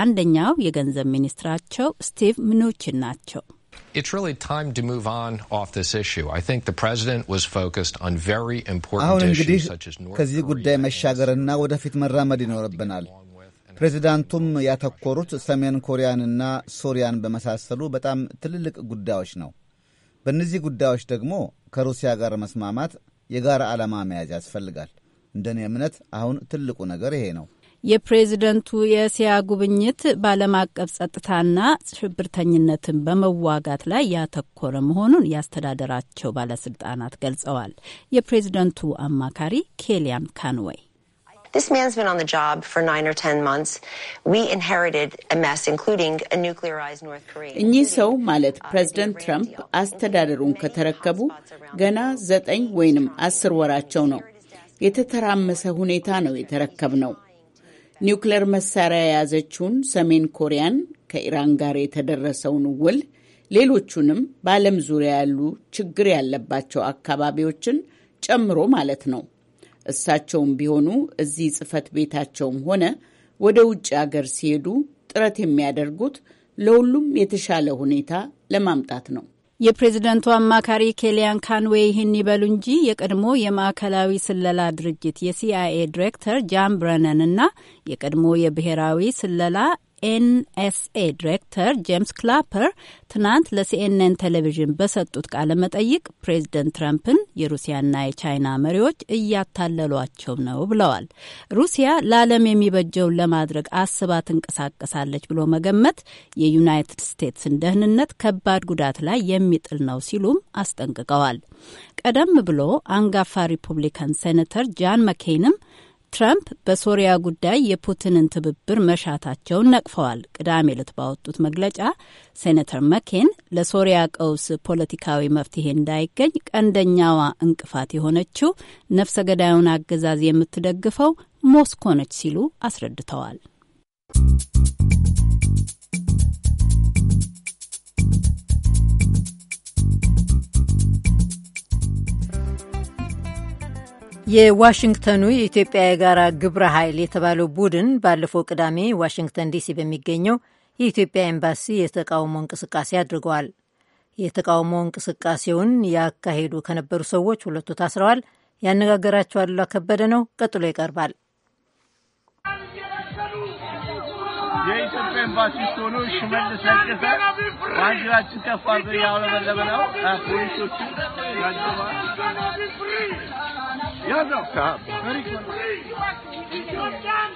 አንደኛው የገንዘብ ሚኒስትራቸው ስቲቭ ምኑቺን ናቸው። አሁን እንግዲህ ከዚህ ጉዳይ መሻገርና ወደፊት መራመድ ይኖርብናል። ፕሬዚዳንቱም ያተኮሩት ሰሜን ኮሪያንና ሶሪያን በመሳሰሉ በጣም ትልልቅ ጉዳዮች ነው። በእነዚህ ጉዳዮች ደግሞ ከሩሲያ ጋር መስማማት፣ የጋራ ዓላማ መያዝ ያስፈልጋል። እንደኔ እምነት አሁን ትልቁ ነገር ይሄ ነው። የፕሬዝደንቱ የእስያ ጉብኝት በዓለም አቀፍ ጸጥታና ሽብርተኝነትን በመዋጋት ላይ ያተኮረ መሆኑን የአስተዳደራቸው ባለስልጣናት ገልጸዋል። የፕሬዝደንቱ አማካሪ ኬሊያን ካንወይ This man's been on the job for nine or ten months. We inherited a mess, including a nuclearized North Korea. እኚህ ሰው ማለት uh, ፕሬዚደንት ትራምፕ አስተዳደሩን ከተረከቡ ገና ዘጠኝ ወይንም አስር ወራቸው ነው። የተተራመሰ ሁኔታ ነው ነው። ኒውክሌር መሳሪያ የያዘችውን ሰሜን ኮሪያን፣ ከኢራን ጋር የተደረሰውን ውል፣ ሌሎቹንም በዓለም ዙሪያ ያሉ ችግር ያለባቸው አካባቢዎችን ጨምሮ ማለት ነው። እሳቸውም ቢሆኑ እዚህ ጽህፈት ቤታቸውም ሆነ ወደ ውጭ አገር ሲሄዱ ጥረት የሚያደርጉት ለሁሉም የተሻለ ሁኔታ ለማምጣት ነው። የፕሬዝደንቱ አማካሪ ኬሊያን ካንዌ ይህን ይበሉ እንጂ የቀድሞ የማዕከላዊ ስለላ ድርጅት የሲአይኤ ዲሬክተር ጃን ብረነን እና የቀድሞ የብሔራዊ ስለላ ኤንኤስኤ ዲሬክተር ጄምስ ክላፐር ትናንት ለሲኤንኤን ቴሌቪዥን በሰጡት ቃለ መጠይቅ ፕሬዝደንት ትራምፕን የሩሲያና የቻይና መሪዎች እያታለሏቸው ነው ብለዋል። ሩሲያ ለዓለም የሚበጀውን ለማድረግ አስባ ትንቀሳቀሳለች ብሎ መገመት የዩናይትድ ስቴትስን ደህንነት ከባድ ጉዳት ላይ የሚጥል ነው ሲሉም አስጠንቅቀዋል። ቀደም ብሎ አንጋፋ ሪፑብሊካን ሴኔተር ጃን መኬይንም ትራምፕ በሶሪያ ጉዳይ የፑቲንን ትብብር መሻታቸውን ነቅፈዋል። ቅዳሜ ዕለት ባወጡት መግለጫ ሴኔተር መኬን ለሶሪያ ቀውስ ፖለቲካዊ መፍትሄ እንዳይገኝ ቀንደኛዋ እንቅፋት የሆነችው ነፍሰ ገዳዩን አገዛዝ የምትደግፈው ሞስኮ ነች ሲሉ አስረድተዋል። የዋሽንግተኑ የኢትዮጵያ የጋራ ግብረ ኃይል የተባለው ቡድን ባለፈው ቅዳሜ ዋሽንግተን ዲሲ በሚገኘው የኢትዮጵያ ኤምባሲ የተቃውሞ እንቅስቃሴ አድርገዋል። የተቃውሞ እንቅስቃሴውን ያካሄዱ ከነበሩ ሰዎች ሁለቱ ታስረዋል። ያነጋገራቸው አሉላ ከበደ ነው። ቀጥሎ ይቀርባል። የኢትዮጵያ ኤምባሲ ሆኖ ሽመልስ ለገሰ ባንዲራችን ከፍ አድርገው እያውለበለበ ነው። ፖሊሶቹ ያጀባል ያዘው ኢትዮጵያን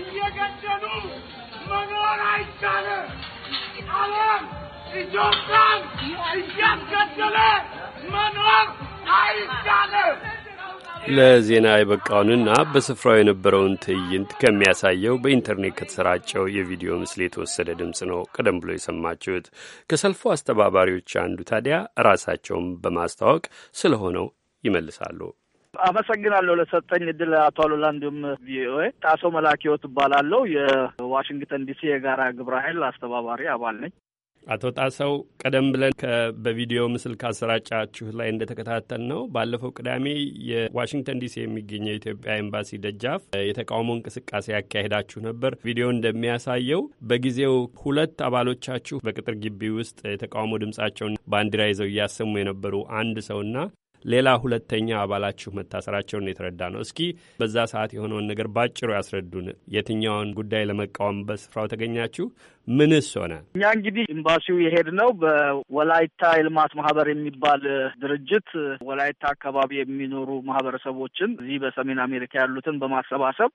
እየገደሉ መኖር አይቻልም። ዓለም ኢትዮጵያን እያስገደለ መኖር አይቻልም። ለዜና የበቃውንና በስፍራው የነበረውን ትዕይንት ከሚያሳየው በኢንተርኔት ከተሰራጨው የቪዲዮ ምስል የተወሰደ ድምፅ ነው ቀደም ብሎ የሰማችሁት። ከሰልፉ አስተባባሪዎች አንዱ ታዲያ ራሳቸውን በማስተዋወቅ ስለሆነው ይመልሳሉ። አመሰግናለሁ ለሰጠኝ እድል አቶ አሉላ እንዲሁም ቪኦኤ። ጣሶ መላኪዎት እባላለሁ። የዋሽንግተን ዲሲ የጋራ ግብረ ኃይል አስተባባሪ አባል ነኝ። አቶ ጣሰው ቀደም ብለን በቪዲዮ ምስል ካሰራጫችሁ ላይ እንደተከታተል ነው ባለፈው ቅዳሜ የዋሽንግተን ዲሲ የሚገኘው የኢትዮጵያ ኤምባሲ ደጃፍ የተቃውሞ እንቅስቃሴ ያካሄዳችሁ ነበር። ቪዲዮ እንደሚያሳየው በጊዜው ሁለት አባሎቻችሁ በቅጥር ግቢ ውስጥ የተቃውሞ ድምጻቸውን ባንዲራ ይዘው እያሰሙ የነበሩ አንድ ሰውና ሌላ ሁለተኛ አባላችሁ መታሰራቸውን የተረዳ ነው። እስኪ በዛ ሰዓት የሆነውን ነገር ባጭሩ ያስረዱን። የትኛውን ጉዳይ ለመቃወም በስፍራው ተገኛችሁ? ምንስ ሆነ? እኛ እንግዲህ ኤምባሲው የሄድነው በወላይታ የልማት ማህበር የሚባል ድርጅት ወላይታ አካባቢ የሚኖሩ ማህበረሰቦችን እዚህ በሰሜን አሜሪካ ያሉትን በማሰባሰብ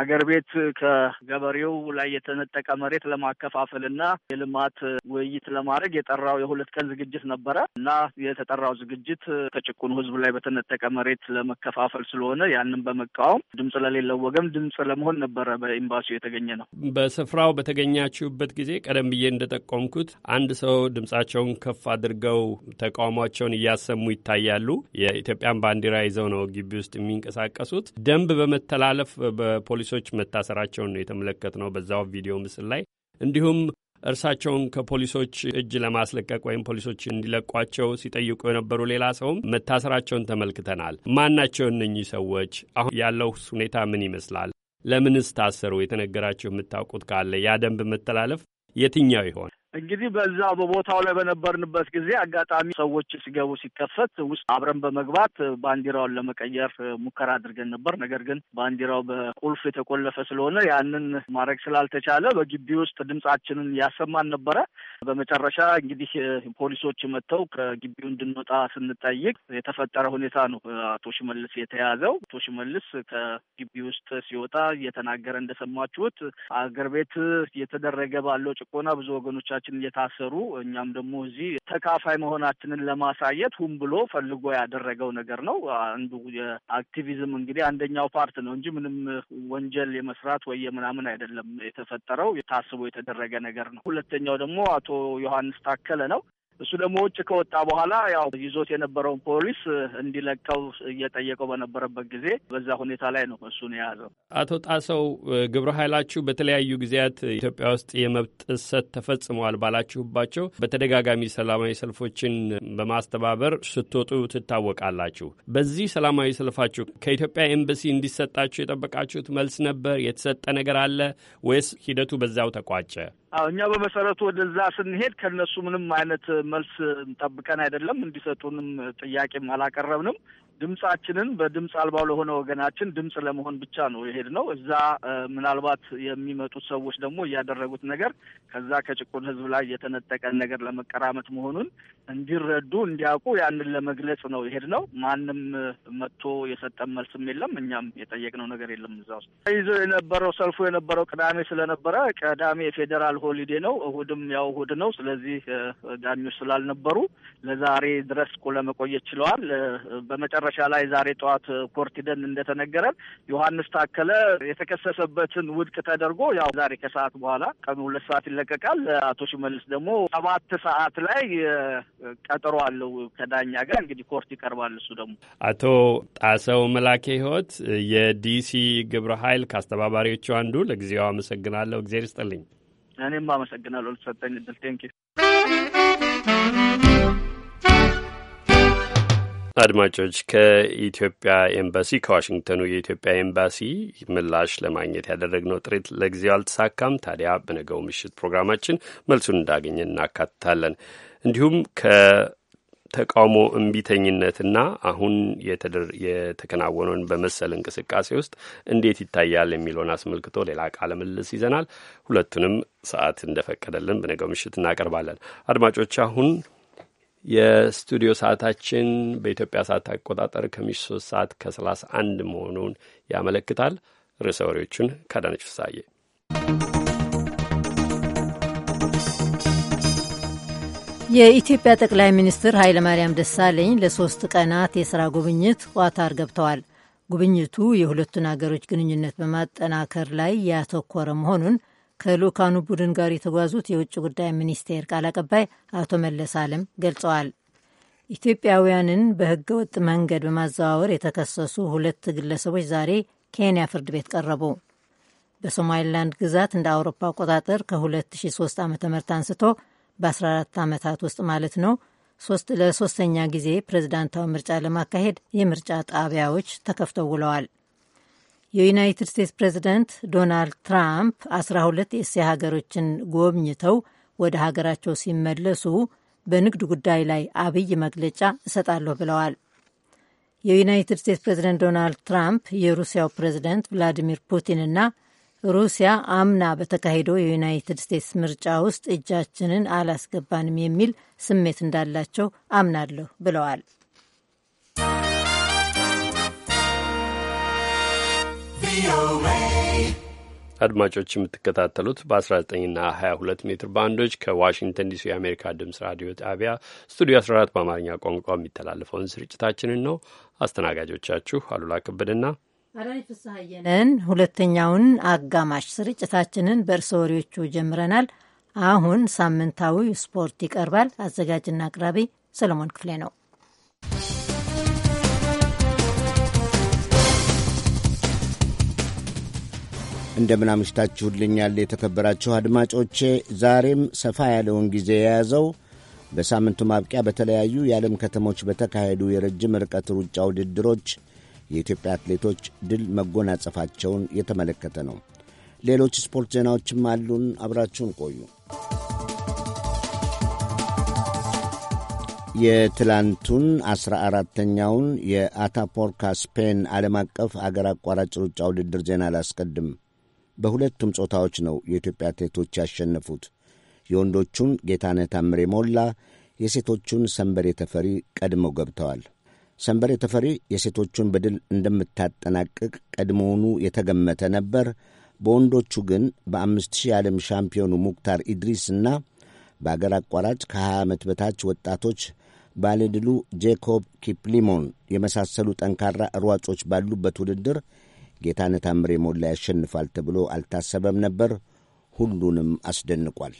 አገር ቤት ከገበሬው ላይ የተነጠቀ መሬት ለማከፋፈል እና የልማት ውይይት ለማድረግ የጠራው የሁለት ቀን ዝግጅት ነበረ እና የተጠራው ዝግጅት ከጭቁኑ ህዝብ ላይ በተነጠቀ መሬት ለመከፋፈል ስለሆነ ያንን በመቃወም ድምፅ ለሌለው ወገን ድምፅ ለመሆን ነበረ በኤምባሲው የተገኘ ነው። በስፍራው በተገኛችሁበት ጊዜ ቀደም ብዬ እንደጠቆምኩት አንድ ሰው ድምጻቸውን ከፍ አድርገው ተቃውሟቸውን እያሰሙ ይታያሉ። የኢትዮጵያን ባንዲራ ይዘው ነው ግቢ ውስጥ የሚንቀሳቀሱት ደንብ በመተላለፍ በፖሊ ፖሊሶች መታሰራቸውን ነው የተመለከትነው በዛው ቪዲዮ ምስል ላይ እንዲሁም እርሳቸውን ከፖሊሶች እጅ ለማስለቀቅ ወይም ፖሊሶች እንዲለቋቸው ሲጠይቁ የነበሩ ሌላ ሰውም መታሰራቸውን ተመልክተናል። ማናቸው እነኚህ ሰዎች? አሁን ያለው ሁኔታ ምን ይመስላል? ለምንስ ታሰሩ? የተነገራቸው የምታውቁት ካለ ያ ደንብ መተላለፍ የትኛው ይሆን? እንግዲህ በዛ በቦታው ላይ በነበርንበት ጊዜ አጋጣሚ ሰዎች ሲገቡ ሲከፈት ውስጥ አብረን በመግባት ባንዲራውን ለመቀየር ሙከራ አድርገን ነበር። ነገር ግን ባንዲራው በቁልፍ የተቆለፈ ስለሆነ ያንን ማድረግ ስላልተቻለ በግቢ ውስጥ ድምጻችንን ያሰማን ነበረ። በመጨረሻ እንግዲህ ፖሊሶች መጥተው ከግቢው እንድንወጣ ስንጠይቅ የተፈጠረ ሁኔታ ነው። አቶ ሽመልስ የተያዘው አቶ ሽመልስ ከግቢ ውስጥ ሲወጣ እየተናገረ እንደሰማችሁት አገር ቤት እየተደረገ ባለው ጭቆና ብዙ ወገኖቻችን ወንድሞቻችን እየታሰሩ እኛም ደግሞ እዚህ ተካፋይ መሆናችንን ለማሳየት ሁም ብሎ ፈልጎ ያደረገው ነገር ነው። አንዱ የአክቲቪዝም እንግዲህ አንደኛው ፓርት ነው እንጂ ምንም ወንጀል የመስራት ወይ የምናምን አይደለም የተፈጠረው ታስቦ የተደረገ ነገር ነው። ሁለተኛው ደግሞ አቶ ዮሐንስ ታከለ ነው። እሱ ደግሞ ውጭ ከወጣ በኋላ ያው ይዞት የነበረውን ፖሊስ እንዲለቀው እየጠየቀው በነበረበት ጊዜ በዛ ሁኔታ ላይ ነው እሱን የያዘው። አቶ ጣሰው ግብረ ኃይላችሁ በተለያዩ ጊዜያት ኢትዮጵያ ውስጥ የመብት ጥሰት ተፈጽመዋል ባላችሁባቸው በተደጋጋሚ ሰላማዊ ሰልፎችን በማስተባበር ስትወጡ ትታወቃላችሁ። በዚህ ሰላማዊ ሰልፋችሁ ከኢትዮጵያ ኤምባሲ እንዲሰጣችሁ የጠበቃችሁት መልስ ነበር? የተሰጠ ነገር አለ ወይስ ሂደቱ በዛው ተቋጨ? አዎ እኛ በመሰረቱ ወደዛ ስንሄድ ከነሱ ምንም አይነት መልስ ጠብቀን አይደለም እንዲሰጡንም ጥያቄም አላቀረብንም። ድምጻችንን በድምፅ አልባው ለሆነ ወገናችን ድምፅ ለመሆን ብቻ ነው የሄድነው። እዛ ምናልባት የሚመጡት ሰዎች ደግሞ እያደረጉት ነገር ከዛ ከጭቁን ህዝብ ላይ የተነጠቀን ነገር ለመቀራመት መሆኑን እንዲረዱ እንዲያውቁ ያንን ለመግለጽ ነው የሄድነው። ማንም መጥቶ የሰጠን መልስም የለም፣ እኛም የጠየቅነው ነገር የለም። እዛ ውስጥ ይዞ የነበረው ሰልፉ የነበረው ቅዳሜ ስለነበረ ቅዳሜ የፌዴራል ሆሊዴ ነው፣ እሁድም ያው እሁድ ነው። ስለዚህ ዳኞች ስላልነበሩ ለዛሬ ድረስ እኮ ለመቆየት ችለዋል። በመጨረሻ መጨረሻ ላይ ዛሬ ጠዋት ኮርት ሂደን እንደተነገረን ዮሐንስ ታከለ የተከሰሰበትን ውድቅ ተደርጎ ያው ዛሬ ከሰዓት በኋላ ቀኑ ሁለት ሰዓት ይለቀቃል። አቶ ሽመልስ ደግሞ ሰባት ሰዓት ላይ ቀጠሮ አለው ከዳኛ ጋር እንግዲህ ኮርት ይቀርባል። እሱ ደግሞ አቶ ጣሰው መላኬ ህይወት የዲሲ ግብረ ኃይል ከአስተባባሪዎቹ አንዱ ለጊዜው አመሰግናለሁ። እግዜር ይስጥልኝ። እኔም አመሰግናለሁ ለተሰጠኝ እድል ቴንኪ አድማጮች ከኢትዮጵያ ኤምባሲ ከዋሽንግተኑ የኢትዮጵያ ኤምባሲ ምላሽ ለማግኘት ያደረግነው ጥሪት ለጊዜው አልተሳካም። ታዲያ በነገው ምሽት ፕሮግራማችን መልሱን እንዳገኘን እናካትታለን። እንዲሁም ከተቃውሞ እምቢተኝነትና አሁን የተከናወነውን በመሰል እንቅስቃሴ ውስጥ እንዴት ይታያል የሚለውን አስመልክቶ ሌላ ቃለ ምልልስ ይዘናል። ሁለቱንም ሰዓት እንደፈቀደልን በነገው ምሽት እናቀርባለን። አድማጮች አሁን የስቱዲዮ ሰዓታችን በኢትዮጵያ ሰዓት አቆጣጠር ከምሽቱ ሶስት ሰዓት ከሰላሳ አንድ መሆኑን ያመለክታል። ርዕሰ ወሬዎቹን ከዳነች ፍሳዬ። የኢትዮጵያ ጠቅላይ ሚኒስትር ኃይለማርያም ደሳለኝ ለሶስት ቀናት የሥራ ጉብኝት ቋታር ገብተዋል። ጉብኝቱ የሁለቱን አገሮች ግንኙነት በማጠናከር ላይ ያተኮረ መሆኑን ከልኡካኑ ቡድን ጋር የተጓዙት የውጭ ጉዳይ ሚኒስቴር ቃል አቀባይ አቶ መለስ አለም ገልጸዋል። ኢትዮጵያውያንን በህገ ወጥ መንገድ በማዘዋወር የተከሰሱ ሁለት ግለሰቦች ዛሬ ኬንያ ፍርድ ቤት ቀረቡ። በሶማሊላንድ ግዛት እንደ አውሮፓ አቆጣጠር ከ2003 ዓ ም አንስቶ በ14 ዓመታት ውስጥ ማለት ነው ለሶስተኛ ጊዜ ፕሬዝዳንታዊ ምርጫ ለማካሄድ የምርጫ ጣቢያዎች ተከፍተው ውለዋል። የዩናይትድ ስቴትስ ፕሬዚደንት ዶናልድ ትራምፕ 12 የእስያ ሀገሮችን ጎብኝተው ወደ ሀገራቸው ሲመለሱ በንግድ ጉዳይ ላይ አብይ መግለጫ እሰጣለሁ ብለዋል። የዩናይትድ ስቴትስ ፕሬዚደንት ዶናልድ ትራምፕ የሩሲያው ፕሬዚደንት ቭላዲሚር ፑቲንና ሩሲያ አምና በተካሄደው የዩናይትድ ስቴትስ ምርጫ ውስጥ እጃችንን አላስገባንም የሚል ስሜት እንዳላቸው አምናለሁ ብለዋል። አድማጮች የምትከታተሉት በ19ና 22 ሜትር ባንዶች ከዋሽንግተን ዲሲ የአሜሪካ ድምፅ ራዲዮ ጣቢያ ስቱዲዮ 14 በአማርኛ ቋንቋ የሚተላለፈውን ስርጭታችንን ነው። አስተናጋጆቻችሁ አሉላ ከበደና አዳነች ፍስሐየንን። ሁለተኛውን አጋማሽ ስርጭታችንን በእርሰ ወሬዎቹ ጀምረናል። አሁን ሳምንታዊ ስፖርት ይቀርባል። አዘጋጅና አቅራቢ ሰለሞን ክፍሌ ነው። እንደምን አምሽታችሁልኛል የተከበራችሁ አድማጮቼ። ዛሬም ሰፋ ያለውን ጊዜ የያዘው በሳምንቱ ማብቂያ በተለያዩ የዓለም ከተሞች በተካሄዱ የረጅም ርቀት ሩጫ ውድድሮች የኢትዮጵያ አትሌቶች ድል መጎናጸፋቸውን የተመለከተ ነው። ሌሎች ስፖርት ዜናዎችም አሉን። አብራችሁን ቆዩ። የትላንቱን 14 አራተኛውን የአታፖርካ ስፔን ዓለም አቀፍ አገር አቋራጭ ሩጫ ውድድር ዜና አላስቀድም። በሁለቱም ጾታዎች ነው የኢትዮጵያ አትሌቶች ያሸነፉት። የወንዶቹን ጌታነህ ታምሬ ሞላ፣ የሴቶቹን ሰንበሬ ተፈሪ ቀድመው ገብተዋል። ሰንበሬ ተፈሪ የሴቶቹን በድል እንደምታጠናቅቅ ቀድሞውኑ የተገመተ ነበር። በወንዶቹ ግን በአምስት ሺህ የዓለም ሻምፒዮኑ ሙክታር ኢድሪስ እና በአገር አቋራጭ ከ20 ዓመት በታች ወጣቶች ባለድሉ ጄኮብ ኪፕሊሞን የመሳሰሉ ጠንካራ ሯጮች ባሉበት ውድድር ጌታነ ታምሬ ሞላ ያሸንፋል ተብሎ አልታሰበም ነበር። ሁሉንም አስደንቋል።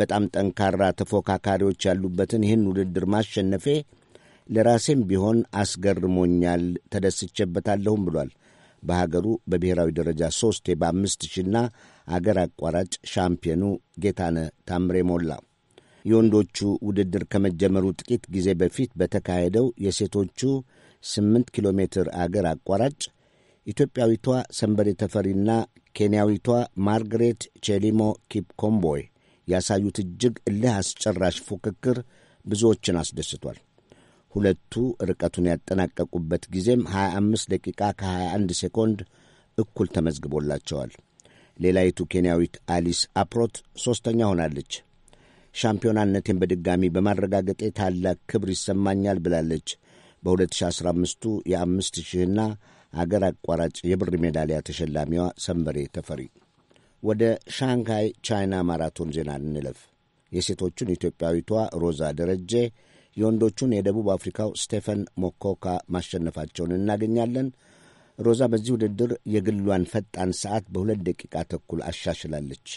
በጣም ጠንካራ ተፎካካሪዎች ያሉበትን ይህን ውድድር ማሸነፌ ለራሴም ቢሆን አስገርሞኛል፣ ተደስቼበታለሁም ብሏል። በሀገሩ በብሔራዊ ደረጃ ሦስቴ በአምስት ሺና አገር አቋራጭ ሻምፒዮኑ ጌታነ ታምሬ ሞላ የወንዶቹ ውድድር ከመጀመሩ ጥቂት ጊዜ በፊት በተካሄደው የሴቶቹ ስምንት ኪሎ ሜትር አገር አቋራጭ ኢትዮጵያዊቷ ሰንበሬ ተፈሪና ኬንያዊቷ ማርግሬት ቼሊሞ ኪፕ ኮምቦይ ያሳዩት እጅግ እልህ አስጨራሽ ፉክክር ብዙዎችን አስደስቷል። ሁለቱ ርቀቱን ያጠናቀቁበት ጊዜም 25 ደቂቃ ከ21 ሴኮንድ እኩል ተመዝግቦላቸዋል። ሌላይቱ ኬንያዊት አሊስ አፕሮት ሦስተኛ ሆናለች። ሻምፒዮናነቴን በድጋሚ በማረጋገጤ ታላቅ ክብር ይሰማኛል ብላለች። በ2015ቱ የ5000ና አገር አቋራጭ የብር ሜዳሊያ ተሸላሚዋ ሰንበሬ ተፈሪ። ወደ ሻንግሃይ ቻይና ማራቶን ዜና እንለፍ። የሴቶቹን ኢትዮጵያዊቷ ሮዛ ደረጄ፣ የወንዶቹን የደቡብ አፍሪካው ስቴፈን ሞኮካ ማሸነፋቸውን እናገኛለን። ሮዛ በዚህ ውድድር የግሏን ፈጣን ሰዓት በሁለት ደቂቃ ተኩል አሻሽላለች።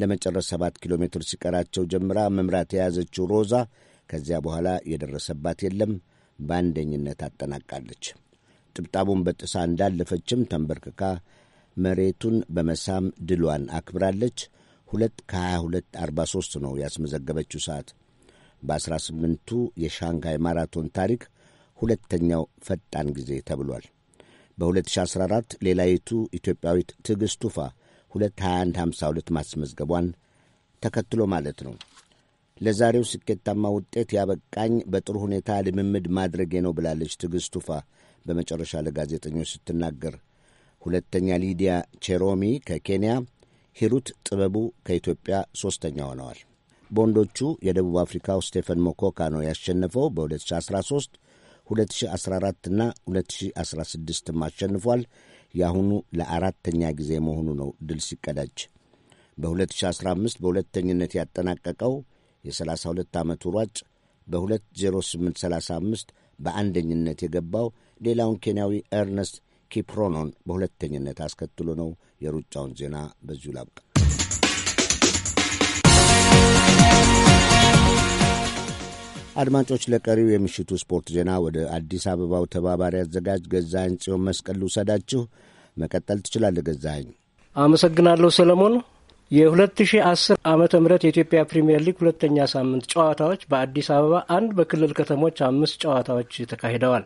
ለመጨረስ ሰባት ኪሎ ሜትር ሲቀራቸው ጀምራ መምራት የያዘችው ሮዛ ከዚያ በኋላ የደረሰባት የለም። በአንደኝነት አጠናቃለች። ጥብጣቡን በጥሳ እንዳለፈችም ተንበርክካ መሬቱን በመሳም ድሏን አክብራለች። ሁለት ከ 2243 ነው ያስመዘገበችው ሰዓት። በ18ቱ የሻንጋይ ማራቶን ታሪክ ሁለተኛው ፈጣን ጊዜ ተብሏል። በ2014 ሌላዪቱ ኢትዮጵያዊት ትዕግሥት ቱፋ 22152 ማስመዝገቧን ተከትሎ ማለት ነው። ለዛሬው ስኬታማ ውጤት ያበቃኝ በጥሩ ሁኔታ ልምምድ ማድረጌ ነው ብላለች ትዕግሥት ቱፋ በመጨረሻ ለጋዜጠኞች ስትናገር፣ ሁለተኛ ሊዲያ ቼሮሚ ከኬንያ፣ ሂሩት ጥበቡ ከኢትዮጵያ ሦስተኛ ሆነዋል። በወንዶቹ የደቡብ አፍሪካው ስቴፈን ሞኮካ ነው ያሸነፈው። በ2013 2014 እና 2016ም አሸንፏል። የአሁኑ ለአራተኛ ጊዜ መሆኑ ነው ድል ሲቀዳጅ። በ2015 በሁለተኝነት ያጠናቀቀው የ32 ዓመቱ ሯጭ በ20835 በአንደኝነት የገባው ሌላውን ኬንያዊ ኤርነስት ኪፕሮኖን በሁለተኝነት አስከትሎ ነው። የሩጫውን ዜና በዚሁ ላብቃ። አድማጮች፣ ለቀሪው የምሽቱ ስፖርት ዜና ወደ አዲስ አበባው ተባባሪ አዘጋጅ ገዛኸኝ ጽዮን መስቀል ልውሰዳችሁ። መቀጠል ትችላለህ ገዛኝ አመሰግናለሁ ሰለሞን። የ2010 ዓ ም የኢትዮጵያ ፕሪምየር ሊግ ሁለተኛ ሳምንት ጨዋታዎች በአዲስ አበባ አንድ፣ በክልል ከተሞች አምስት ጨዋታዎች ተካሂደዋል።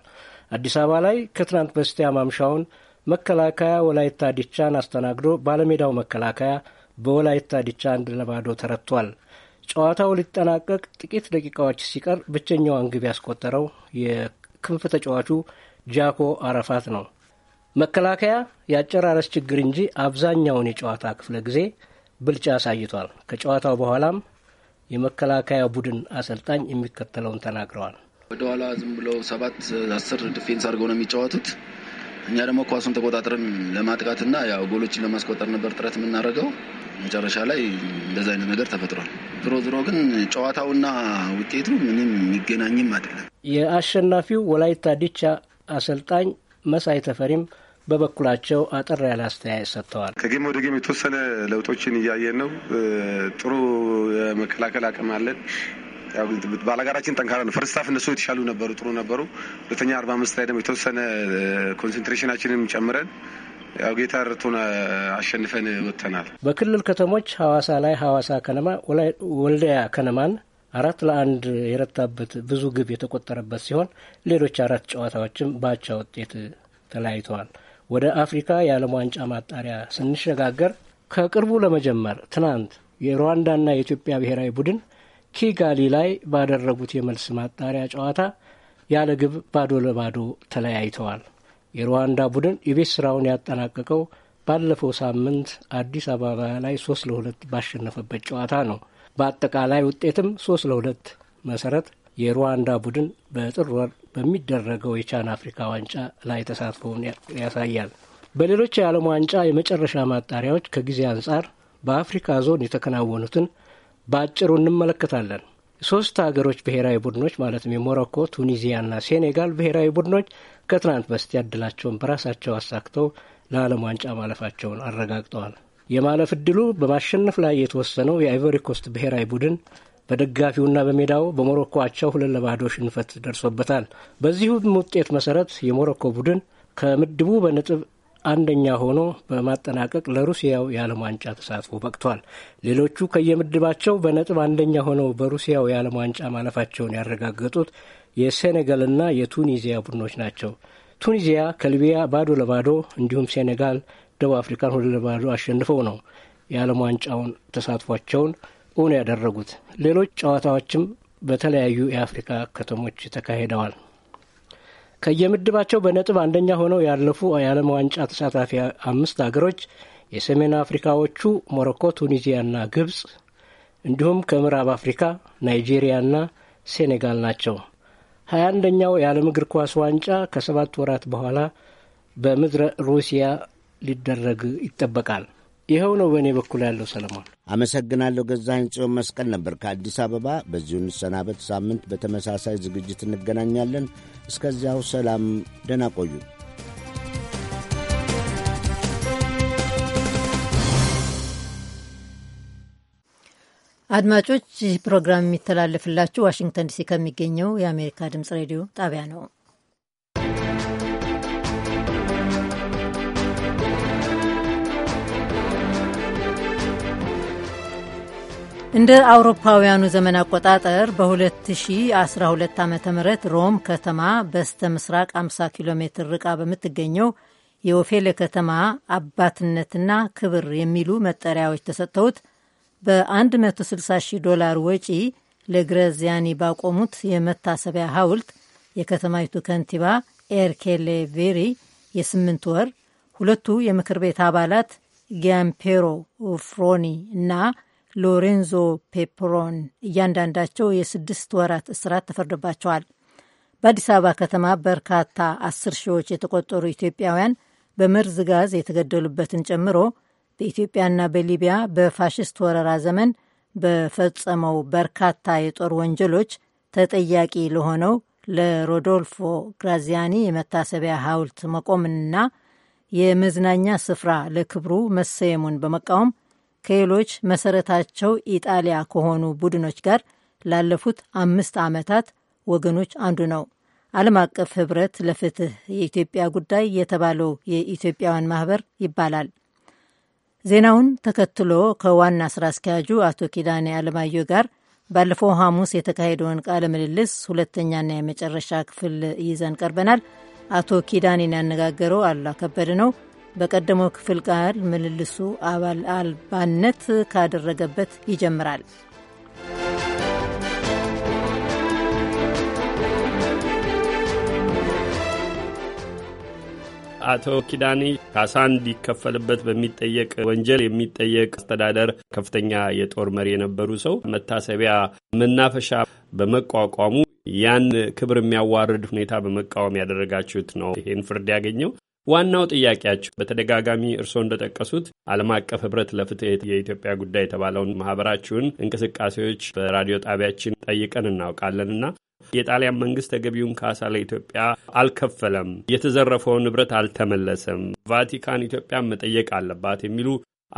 አዲስ አበባ ላይ ከትናንት በስቲያ ማምሻውን መከላከያ ወላይታ ዲቻን አስተናግዶ ባለሜዳው መከላከያ በወላይታ ዲቻ አንድ ለባዶ ተረቷል። ጨዋታው ሊጠናቀቅ ጥቂት ደቂቃዎች ሲቀር ብቸኛዋን ግብ ያስቆጠረው የክንፍ ተጫዋቹ ጃኮ አረፋት ነው። መከላከያ የአጨራረስ ችግር እንጂ አብዛኛውን የጨዋታ ክፍለ ጊዜ ብልጫ አሳይቷል። ከጨዋታው በኋላም የመከላከያ ቡድን አሰልጣኝ የሚከተለውን ተናግረዋል። ወደኋላ ዝም ብለው ሰባት አስር ዲፌንስ አድርገው ነው የሚጫወቱት። እኛ ደግሞ ኳሱን ተቆጣጥረን ለማጥቃትና ያው ጎሎችን ለማስቆጠር ነበር ጥረት የምናደርገው። መጨረሻ ላይ እንደዚ አይነት ነገር ተፈጥሯል። ዝሮ ዝሮ ግን ጨዋታውና ውጤቱ ምንም የሚገናኝም አይደለም። የአሸናፊው ወላይታ ዲቻ አሰልጣኝ መሳይ ተፈሪም በበኩላቸው አጠር ያለ አስተያየት ሰጥተዋል። ከጌም ወደ ጌም የተወሰነ ለውጦችን እያየን ነው። ጥሩ የመከላከል አቅም አለን። ባላጋራችን ጠንካራ ነው። ፈርስታፍ እነሱ የተሻሉ ነበሩ፣ ጥሩ ነበሩ። ሁለተኛ አርባ አምስት ላይ ደግሞ የተወሰነ ኮንሰንትሬሽናችንም eh, ጨምረን ያው ጌታ ርቱን አሸንፈን ወጥተናል። በክልል ከተሞች ሐዋሳ ላይ ሐዋሳ ከነማ ወልዳያ ከነማን አራት ለአንድ የረታበት ብዙ ግብ የተቆጠረበት ሲሆን ሌሎች አራት ጨዋታዎችም በአቻ ውጤት ተለያይተዋል። ወደ አፍሪካ የዓለም ዋንጫ ማጣሪያ ስንሸጋገር ከቅርቡ ለመጀመር ትናንት የሩዋንዳና የኢትዮጵያ ብሔራዊ ቡድን ኪጋሊ ላይ ባደረጉት የመልስ ማጣሪያ ጨዋታ ያለ ግብ ባዶ ለባዶ ተለያይተዋል። የሩዋንዳ ቡድን የቤት ስራውን ያጠናቀቀው ባለፈው ሳምንት አዲስ አበባ ላይ ሶስት ለሁለት ባሸነፈበት ጨዋታ ነው። በአጠቃላይ ውጤትም ሶስት ለሁለት መሰረት የሩዋንዳ ቡድን በጥር ወር በሚደረገው የቻን አፍሪካ ዋንጫ ላይ ተሳትፎውን ያሳያል። በሌሎች የዓለም ዋንጫ የመጨረሻ ማጣሪያዎች ከጊዜ አንጻር በአፍሪካ ዞን የተከናወኑትን በአጭሩ እንመለከታለን። ሶስት ሀገሮች ብሔራዊ ቡድኖች ማለትም የሞሮኮ፣ ቱኒዚያና ሴኔጋል ብሔራዊ ቡድኖች ከትናንት በስቲያ እድላቸውን በራሳቸው አሳክተው ለዓለም ዋንጫ ማለፋቸውን አረጋግጠዋል። የማለፍ እድሉ በማሸነፍ ላይ የተወሰነው የአይቨሪ ኮስት ብሔራዊ ቡድን በደጋፊውና በሜዳው በሞሮኮ አቻው ሁለት ለባዶ ሽንፈት ደርሶበታል። በዚሁም ውጤት መሰረት የሞሮኮ ቡድን ከምድቡ በነጥብ አንደኛ ሆኖ በማጠናቀቅ ለሩሲያው የዓለም ዋንጫ ተሳትፎ በቅቷል። ሌሎቹ ከየምድባቸው በነጥብ አንደኛ ሆነው በሩሲያው የዓለም ዋንጫ ማለፋቸውን ያረጋገጡት የሴኔጋልና የቱኒዚያ ቡድኖች ናቸው። ቱኒዚያ ከሊቢያ ባዶ ለባዶ እንዲሁም ሴኔጋል ደቡብ አፍሪካን ሁለት ለባዶ አሸንፈው ነው የዓለም ዋንጫውን ተሳትፏቸውን እውን ያደረጉት። ሌሎች ጨዋታዎችም በተለያዩ የአፍሪካ ከተሞች ተካሂደዋል። ከየምድባቸው በነጥብ አንደኛ ሆነው ያለፉ የዓለም ዋንጫ ተሳታፊ አምስት አገሮች የሰሜን አፍሪካዎቹ ሞሮኮ፣ ቱኒዚያና ግብፅ እንዲሁም ከምዕራብ አፍሪካ ናይጄሪያና ሴኔጋል ናቸው። ሀያ አንደኛው የዓለም እግር ኳስ ዋንጫ ከሰባት ወራት በኋላ በምድረ ሩሲያ ሊደረግ ይጠበቃል። ይኸው ነው በእኔ በኩል ያለው ሰለሞን። አመሰግናለሁ። ገዛኸኝ ጽዮን መስቀል ነበር ከአዲስ አበባ። በዚሁ እንሰናበት። ሳምንት በተመሳሳይ ዝግጅት እንገናኛለን። እስከዚያው ሰላም፣ ደህና ቆዩ። አድማጮች፣ ይህ ፕሮግራም የሚተላለፍላችሁ ዋሽንግተን ዲሲ ከሚገኘው የአሜሪካ ድምፅ ሬዲዮ ጣቢያ ነው። እንደ አውሮፓውያኑ ዘመን አቆጣጠር በ2012 ዓ ም ሮም ከተማ በስተ ምስራቅ 50 ኪሎ ሜትር ርቃ በምትገኘው የኦፌሌ ከተማ አባትነትና ክብር የሚሉ መጠሪያዎች ተሰጥተውት በ160 ሺህ ዶላር ወጪ ለግረዚያኒ ባቆሙት የመታሰቢያ ሐውልት የከተማይቱ ከንቲባ ኤርኬሌ ቬሪ የስምንት ወር ሁለቱ የምክር ቤት አባላት ጊያምፔሮ ፍሮኒ እና ሎሬንዞ ፔፕሮን እያንዳንዳቸው የስድስት ወራት እስራት ተፈርዶባቸዋል። በአዲስ አበባ ከተማ በርካታ አስር ሺዎች የተቆጠሩ ኢትዮጵያውያን በመርዝ ጋዝ የተገደሉበትን ጨምሮ በኢትዮጵያና በሊቢያ በፋሽስት ወረራ ዘመን በፈጸመው በርካታ የጦር ወንጀሎች ተጠያቂ ለሆነው ለሮዶልፎ ግራዚያኒ የመታሰቢያ ሐውልት መቆምንና የመዝናኛ ስፍራ ለክብሩ መሰየሙን በመቃወም ከሌሎች መሰረታቸው ኢጣሊያ ከሆኑ ቡድኖች ጋር ላለፉት አምስት ዓመታት ወገኖች አንዱ ነው። ዓለም አቀፍ ህብረት ለፍትህ የኢትዮጵያ ጉዳይ የተባለው የኢትዮጵያውያን ማህበር ይባላል። ዜናውን ተከትሎ ከዋና ስራ አስኪያጁ አቶ ኪዳኔ አለማየሁ ጋር ባለፈው ሐሙስ የተካሄደውን ቃለ ምልልስ ሁለተኛና የመጨረሻ ክፍል ይዘን ቀርበናል። አቶ ኪዳኔን ያነጋገረው አሉላ ከበደ ነው። በቀደመው ክፍል ቃል ምልልሱ አባል አልባነት ካደረገበት ይጀምራል። አቶ ኪዳኔ ካሳ እንዲከፈልበት በሚጠየቅ ወንጀል የሚጠየቅ አስተዳደር ከፍተኛ የጦር መሪ የነበሩ ሰው መታሰቢያ መናፈሻ በመቋቋሙ ያን ክብር የሚያዋርድ ሁኔታ በመቃወም ያደረጋችሁት ነው ይሄን ፍርድ ያገኘው። ዋናው ጥያቄያቸው በተደጋጋሚ እርስዎ እንደጠቀሱት ዓለም አቀፍ ህብረት ለፍትህ የኢትዮጵያ ጉዳይ የተባለውን ማህበራችሁን እንቅስቃሴዎች በራዲዮ ጣቢያችን ጠይቀን እናውቃለንና የጣሊያን መንግስት ተገቢውን ካሳ ለኢትዮጵያ አልከፈለም፣ የተዘረፈው ንብረት አልተመለሰም፣ ቫቲካን ኢትዮጵያን መጠየቅ አለባት የሚሉ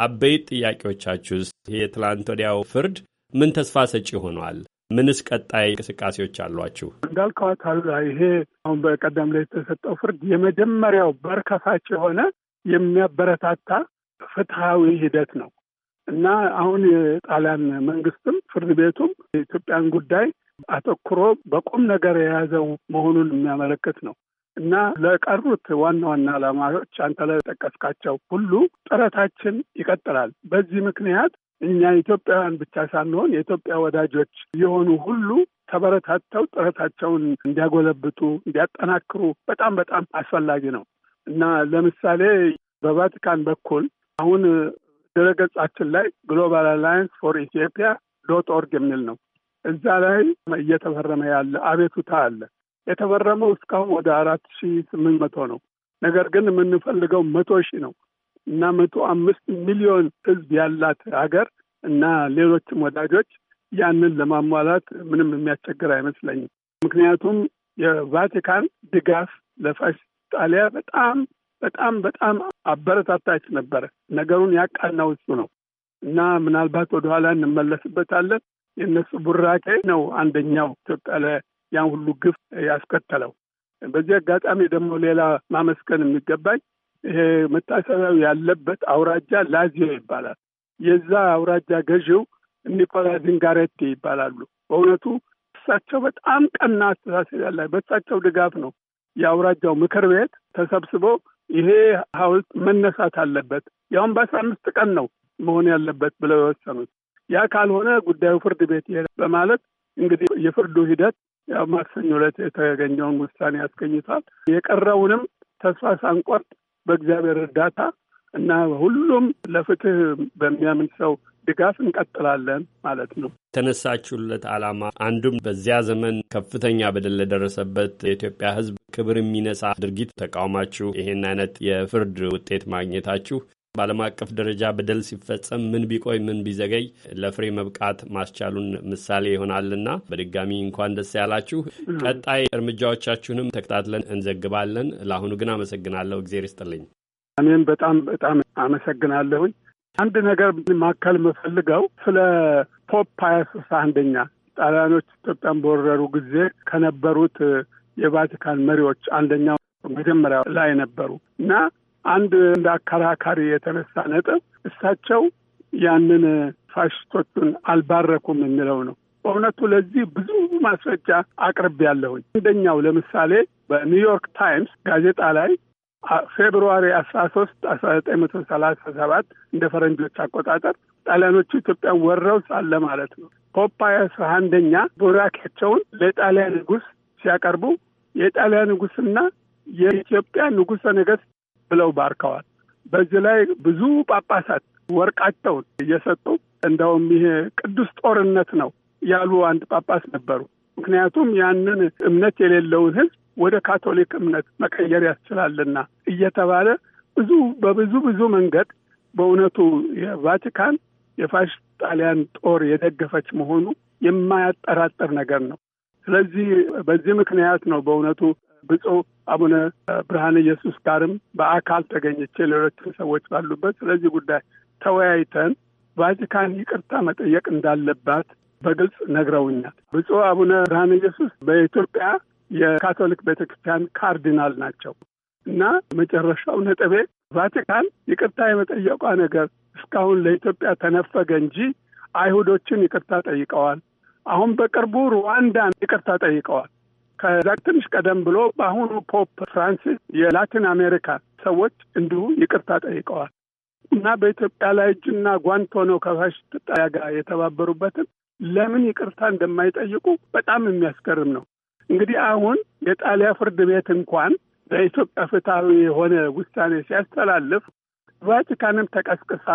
አበይት ጥያቄዎቻችሁ ውስጥ የትላንት ወዲያው ፍርድ ምን ተስፋ ሰጪ ሆኗል? ምንስ ቀጣይ እንቅስቃሴዎች አሏችሁ? እንዳልከው አሉላ፣ ይሄ አሁን በቀደም ላይ የተሰጠው ፍርድ የመጀመሪያው በርከፋች የሆነ የሚያበረታታ ፍትሐዊ ሂደት ነው እና አሁን የጣሊያን መንግስትም ፍርድ ቤቱም የኢትዮጵያን ጉዳይ አተኩሮ በቁም ነገር የያዘው መሆኑን የሚያመለክት ነው እና ለቀሩት ዋና ዋና ዓላማዎች አንተ ለጠቀስካቸው ሁሉ ጥረታችን ይቀጥላል። በዚህ ምክንያት እኛ ኢትዮጵያውያን ብቻ ሳንሆን የኢትዮጵያ ወዳጆች የሆኑ ሁሉ ተበረታተው ጥረታቸውን እንዲያጎለብቱ፣ እንዲያጠናክሩ በጣም በጣም አስፈላጊ ነው እና ለምሳሌ በቫቲካን በኩል አሁን ድረገጻችን ላይ ግሎባል አላያንስ ፎር ኢትዮጵያ ዶት ኦርግ የሚል ነው። እዛ ላይ እየተፈረመ ያለ አቤቱታ አለ። የተፈረመው እስካሁን ወደ አራት ሺህ ስምንት መቶ ነው። ነገር ግን የምንፈልገው መቶ ሺህ ነው። እና መቶ አምስት ሚሊዮን ህዝብ ያላት ሀገር እና ሌሎችም ወዳጆች ያንን ለማሟላት ምንም የሚያስቸግር አይመስለኝም። ምክንያቱም የቫቲካን ድጋፍ ለፋሽስት ጣሊያ በጣም በጣም በጣም አበረታታች ነበረ። ነገሩን ያቃናው እሱ ነው እና ምናልባት ወደኋላ እንመለስበታለን። የእነሱ ቡራኬ ነው አንደኛው ኢትዮጵያ ላይ ያን ሁሉ ግፍ ያስከተለው። በዚህ አጋጣሚ ደግሞ ሌላ ማመስገን የሚገባኝ ይሄ መታሰቢያው ያለበት አውራጃ ላዚዮ ይባላል። የዛ አውራጃ ገዢው ኒኮላ ዚንጋሬቲ ይባላሉ። በእውነቱ እሳቸው በጣም ቀና አስተሳሰብ ያለ፣ በእሳቸው ድጋፍ ነው የአውራጃው ምክር ቤት ተሰብስቦ ይሄ ሐውልት መነሳት አለበት ያሁን በአስራ አምስት ቀን ነው መሆን ያለበት ብለው የወሰኑት። ያ ካልሆነ ጉዳዩ ፍርድ ቤት ይሄዳል በማለት እንግዲህ የፍርዱ ሂደት ያው ማክሰኞ ዕለት የተገኘውን ውሳኔ ያስገኝቷል። የቀረውንም ተስፋ ሳንቆርጥ በእግዚአብሔር እርዳታ እና ሁሉም ለፍትህ በሚያምን ሰው ድጋፍ እንቀጥላለን ማለት ነው። የተነሳችሁለት ዓላማ አንዱም በዚያ ዘመን ከፍተኛ በደል ለደረሰበት የኢትዮጵያ ሕዝብ ክብር የሚነሳ ድርጊት ተቃውማችሁ ይሄን አይነት የፍርድ ውጤት ማግኘታችሁ በዓለም አቀፍ ደረጃ በደል ሲፈጸም ምን ቢቆይ ምን ቢዘገይ ለፍሬ መብቃት ማስቻሉን ምሳሌ ይሆናልና በድጋሚ እንኳን ደስ ያላችሁ። ቀጣይ እርምጃዎቻችሁንም ተከታትለን እንዘግባለን። ለአሁኑ ግን አመሰግናለሁ። እግዜር ይስጥልኝ። እኔም በጣም በጣም አመሰግናለሁኝ። አንድ ነገር ማካከል የምፈልገው ስለ ፖፕ ሀያ አንደኛ ጣሊያኖች ኢትዮጵያን በወረሩ ጊዜ ከነበሩት የቫቲካን መሪዎች አንደኛው መጀመሪያ ላይ ነበሩ እና አንድ እንደ አከራካሪ የተነሳ ነጥብ እሳቸው ያንን ፋሽስቶቹን አልባረኩም የሚለው ነው። በእውነቱ ለዚህ ብዙ ማስረጃ አቅርብ ያለሁኝ አንደኛው ለምሳሌ በኒውዮርክ ታይምስ ጋዜጣ ላይ ፌብሩዋሪ አስራ ሶስት አስራ ዘጠኝ መቶ ሰላሳ ሰባት እንደ ፈረንጆች አቆጣጠር ጣሊያኖቹ ኢትዮጵያን ወረው ሳለ ማለት ነው ፖፓያስ አንደኛ ቡራኬያቸውን ለጣሊያን ንጉስ ሲያቀርቡ የጣሊያን ንጉስና የኢትዮጵያ ንጉሰ ነገስት ብለው ባርከዋል። በዚህ ላይ ብዙ ጳጳሳት ወርቃቸውን እየሰጡ እንደውም ይሄ ቅዱስ ጦርነት ነው ያሉ አንድ ጳጳስ ነበሩ። ምክንያቱም ያንን እምነት የሌለውን ሕዝብ ወደ ካቶሊክ እምነት መቀየር ያስችላልና እየተባለ ብዙ በብዙ ብዙ መንገድ በእውነቱ የቫቲካን የፋሽ ጣሊያን ጦር የደገፈች መሆኑ የማያጠራጥር ነገር ነው። ስለዚህ በዚህ ምክንያት ነው በእውነቱ ብፁዕ አቡነ ብርሃነ ኢየሱስ ጋርም በአካል ተገኝቼ ሌሎችም ሰዎች ባሉበት ስለዚህ ጉዳይ ተወያይተን ቫቲካን ይቅርታ መጠየቅ እንዳለባት በግልጽ ነግረውኛል። ብፁዕ አቡነ ብርሃነ ኢየሱስ በኢትዮጵያ የካቶሊክ ቤተ ክርስቲያን ካርዲናል ናቸው እና መጨረሻው ነጥቤ ቫቲካን ይቅርታ የመጠየቋ ነገር እስካሁን ለኢትዮጵያ ተነፈገ እንጂ አይሁዶችን ይቅርታ ጠይቀዋል። አሁን በቅርቡ ሩዋንዳን ይቅርታ ጠይቀዋል። ከዛ ትንሽ ቀደም ብሎ በአሁኑ ፖፕ ፍራንሲስ የላቲን አሜሪካ ሰዎች እንዲሁ ይቅርታ ጠይቀዋል እና በኢትዮጵያ ላይ እጅና ጓንት ሆነው ከፋሽስት ጣሊያን ጋር የተባበሩበትን ለምን ይቅርታ እንደማይጠይቁ በጣም የሚያስገርም ነው። እንግዲህ አሁን የጣሊያ ፍርድ ቤት እንኳን ለኢትዮጵያ ፍትሐዊ የሆነ ውሳኔ ሲያስተላልፍ ቫቲካንም ተቀስቅሳ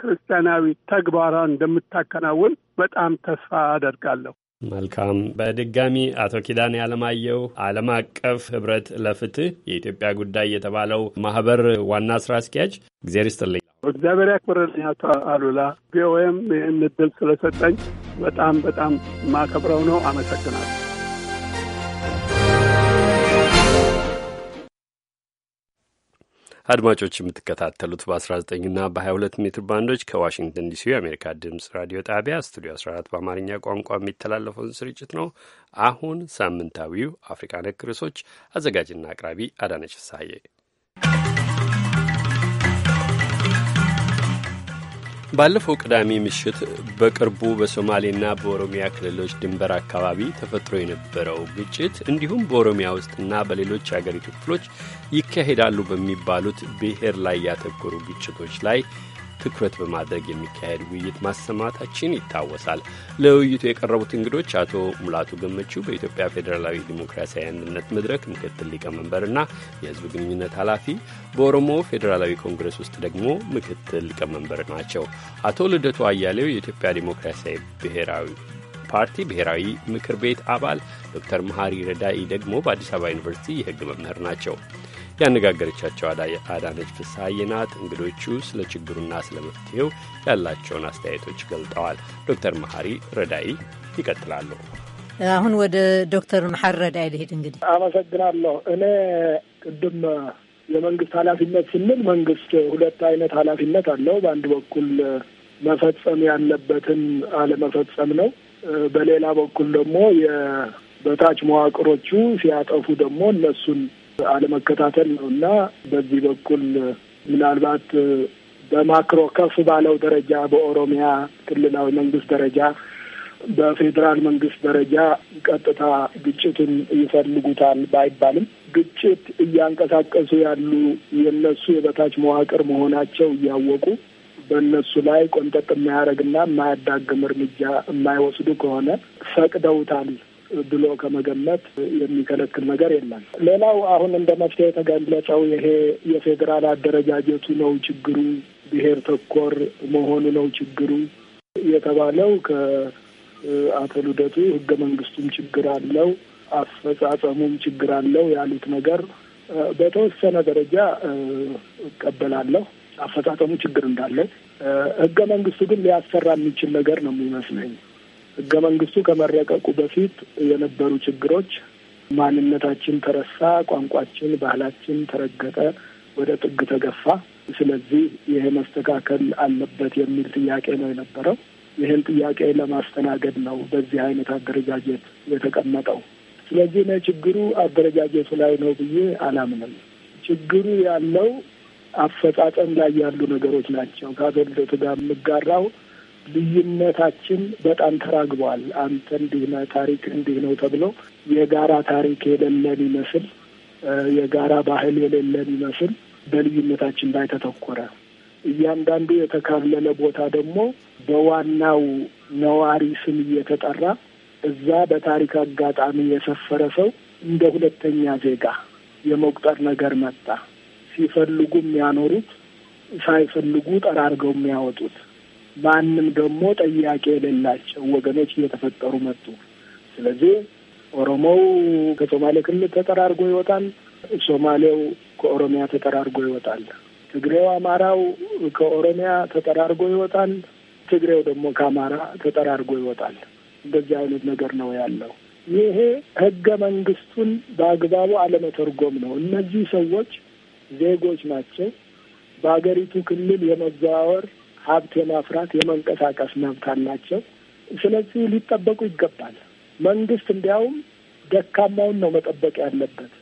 ክርስቲያናዊ ተግባሯን እንደምታከናውን በጣም ተስፋ አደርጋለሁ። መልካም በድጋሚ አቶ ኪዳን ያለማየሁ ዓለም አቀፍ ህብረት ለፍትህ የኢትዮጵያ ጉዳይ የተባለው ማህበር ዋና ስራ አስኪያጅ እግዚአብሔር ይስጥልኝ። እግዚአብሔር ያክብርልኝ አቶ አሉላ። ቪኦኤም ይህን እድል ስለሰጠኝ በጣም በጣም ማከብረው ነው። አመሰግናለሁ። አድማጮች የምትከታተሉት በ19ና በ22 ሜትር ባንዶች ከዋሽንግተን ዲሲ የአሜሪካ ድምፅ ራዲዮ ጣቢያ ስቱዲዮ 14 በአማርኛ ቋንቋ የሚተላለፈውን ስርጭት ነው። አሁን ሳምንታዊው አፍሪካ ነክ ርዕሶች አዘጋጅና አቅራቢ አዳነች ሳዬ ባለፈው ቅዳሜ ምሽት በቅርቡ በሶማሌና በኦሮሚያ ክልሎች ድንበር አካባቢ ተፈጥሮ የነበረው ግጭት እንዲሁም በኦሮሚያ ውስጥና በሌሎች የአገሪቱ ክፍሎች ይካሄዳሉ በሚባሉት ብሔር ላይ ያተኮሩ ግጭቶች ላይ ትኩረት በማድረግ የሚካሄድ ውይይት ማሰማታችን ይታወሳል። ለውይይቱ የቀረቡት እንግዶች አቶ ሙላቱ ገመቹ በኢትዮጵያ ፌዴራላዊ ዲሞክራሲያዊ አንድነት መድረክ ምክትል ሊቀመንበርና የህዝብ ግንኙነት ኃላፊ፣ በኦሮሞ ፌዴራላዊ ኮንግረስ ውስጥ ደግሞ ምክትል ሊቀመንበር ናቸው። አቶ ልደቱ አያሌው የኢትዮጵያ ዲሞክራሲያዊ ብሔራዊ ፓርቲ ብሔራዊ ምክር ቤት አባል፣ ዶክተር መሐሪ ረዳኢ ደግሞ በአዲስ አበባ ዩኒቨርሲቲ የህግ መምህር ናቸው። ያነጋገረቻቸው አዳነች ፍስሐዬ ናት። እንግዶቹ ስለ ችግሩና ስለ መፍትሄው ያላቸውን አስተያየቶች ገልጠዋል። ዶክተር መሐሪ ረዳይ ይቀጥላሉ። አሁን ወደ ዶክተር መሐሪ ረዳይ ልሄድ። እንግዲህ አመሰግናለሁ። እኔ ቅድም የመንግስት ኃላፊነት ስንል መንግስት ሁለት አይነት ኃላፊነት አለው። በአንድ በኩል መፈጸም ያለበትን አለመፈጸም ነው። በሌላ በኩል ደግሞ የበታች መዋቅሮቹ ሲያጠፉ ደግሞ እነሱን አለመከታተል ነው እና በዚህ በኩል ምናልባት በማክሮ ከፍ ባለው ደረጃ በኦሮሚያ ክልላዊ መንግስት ደረጃ በፌዴራል መንግስት ደረጃ ቀጥታ ግጭትን ይፈልጉታል ባይባልም ግጭት እያንቀሳቀሱ ያሉ የነሱ የበታች መዋቅር መሆናቸው እያወቁ በእነሱ ላይ ቆንጠጥ የማያደርግና የማያዳግም እርምጃ የማይወስዱ ከሆነ ፈቅደውታል ብሎ ከመገመት የሚከለክል ነገር የለም። ሌላው አሁን እንደ መፍትሄ የተገለጸው ይሄ የፌዴራል አደረጃጀቱ ነው ችግሩ፣ ብሔር ተኮር መሆኑ ነው ችግሩ የተባለው ከአቶ ልደቱ ህገ መንግስቱም ችግር አለው፣ አፈጻጸሙም ችግር አለው ያሉት ነገር በተወሰነ ደረጃ እቀበላለሁ። አፈጻጸሙ ችግር እንዳለው ህገ መንግስቱ ግን ሊያሰራ የሚችል ነገር ነው የሚመስለኝ። ህገ መንግስቱ ከመረቀቁ በፊት የነበሩ ችግሮች ማንነታችን ተረሳ፣ ቋንቋችን፣ ባህላችን ተረገጠ፣ ወደ ጥግ ተገፋ። ስለዚህ ይሄ መስተካከል አለበት የሚል ጥያቄ ነው የነበረው። ይህን ጥያቄ ለማስተናገድ ነው በዚህ አይነት አደረጃጀት የተቀመጠው። ስለዚህ እኔ ችግሩ አደረጃጀቱ ላይ ነው ብዬ አላምንም። ችግሩ ያለው አፈጻጸም ላይ ያሉ ነገሮች ናቸው። ከአቶ ልደቱ ጋር የምጋራው ልዩነታችን በጣም ተራግቧል። አንተ እንዲህ ነህ፣ ታሪክ እንዲህ ነው ተብሎ የጋራ ታሪክ የሌለን ይመስል የጋራ ባህል የሌለን ይመስል በልዩነታችን ላይ ተተኮረ። እያንዳንዱ የተካለለ ቦታ ደግሞ በዋናው ነዋሪ ስም እየተጠራ እዛ በታሪክ አጋጣሚ የሰፈረ ሰው እንደ ሁለተኛ ዜጋ የመቁጠር ነገር መጣ። ሲፈልጉ የሚያኖሩት ሳይፈልጉ ጠራርገው የሚያወጡት ማንም ደግሞ ጥያቄ የሌላቸው ወገኖች እየተፈጠሩ መጡ። ስለዚህ ኦሮሞው ከሶማሌ ክልል ተጠራርጎ ይወጣል፣ ሶማሌው ከኦሮሚያ ተጠራርጎ ይወጣል፣ ትግሬው አማራው ከኦሮሚያ ተጠራርጎ ይወጣል፣ ትግሬው ደግሞ ከአማራ ተጠራርጎ ይወጣል። እንደዚህ አይነት ነገር ነው ያለው። ይሄ ህገ መንግስቱን በአግባቡ አለመተርጎም ነው። እነዚህ ሰዎች ዜጎች ናቸው። በሀገሪቱ ክልል የመዘዋወር ሀብት የማፍራት የመንቀሳቀስ መብት አላቸው። ስለዚህ ሊጠበቁ ይገባል። መንግስት እንዲያውም ደካማውን ነው መጠበቅ ያለበት።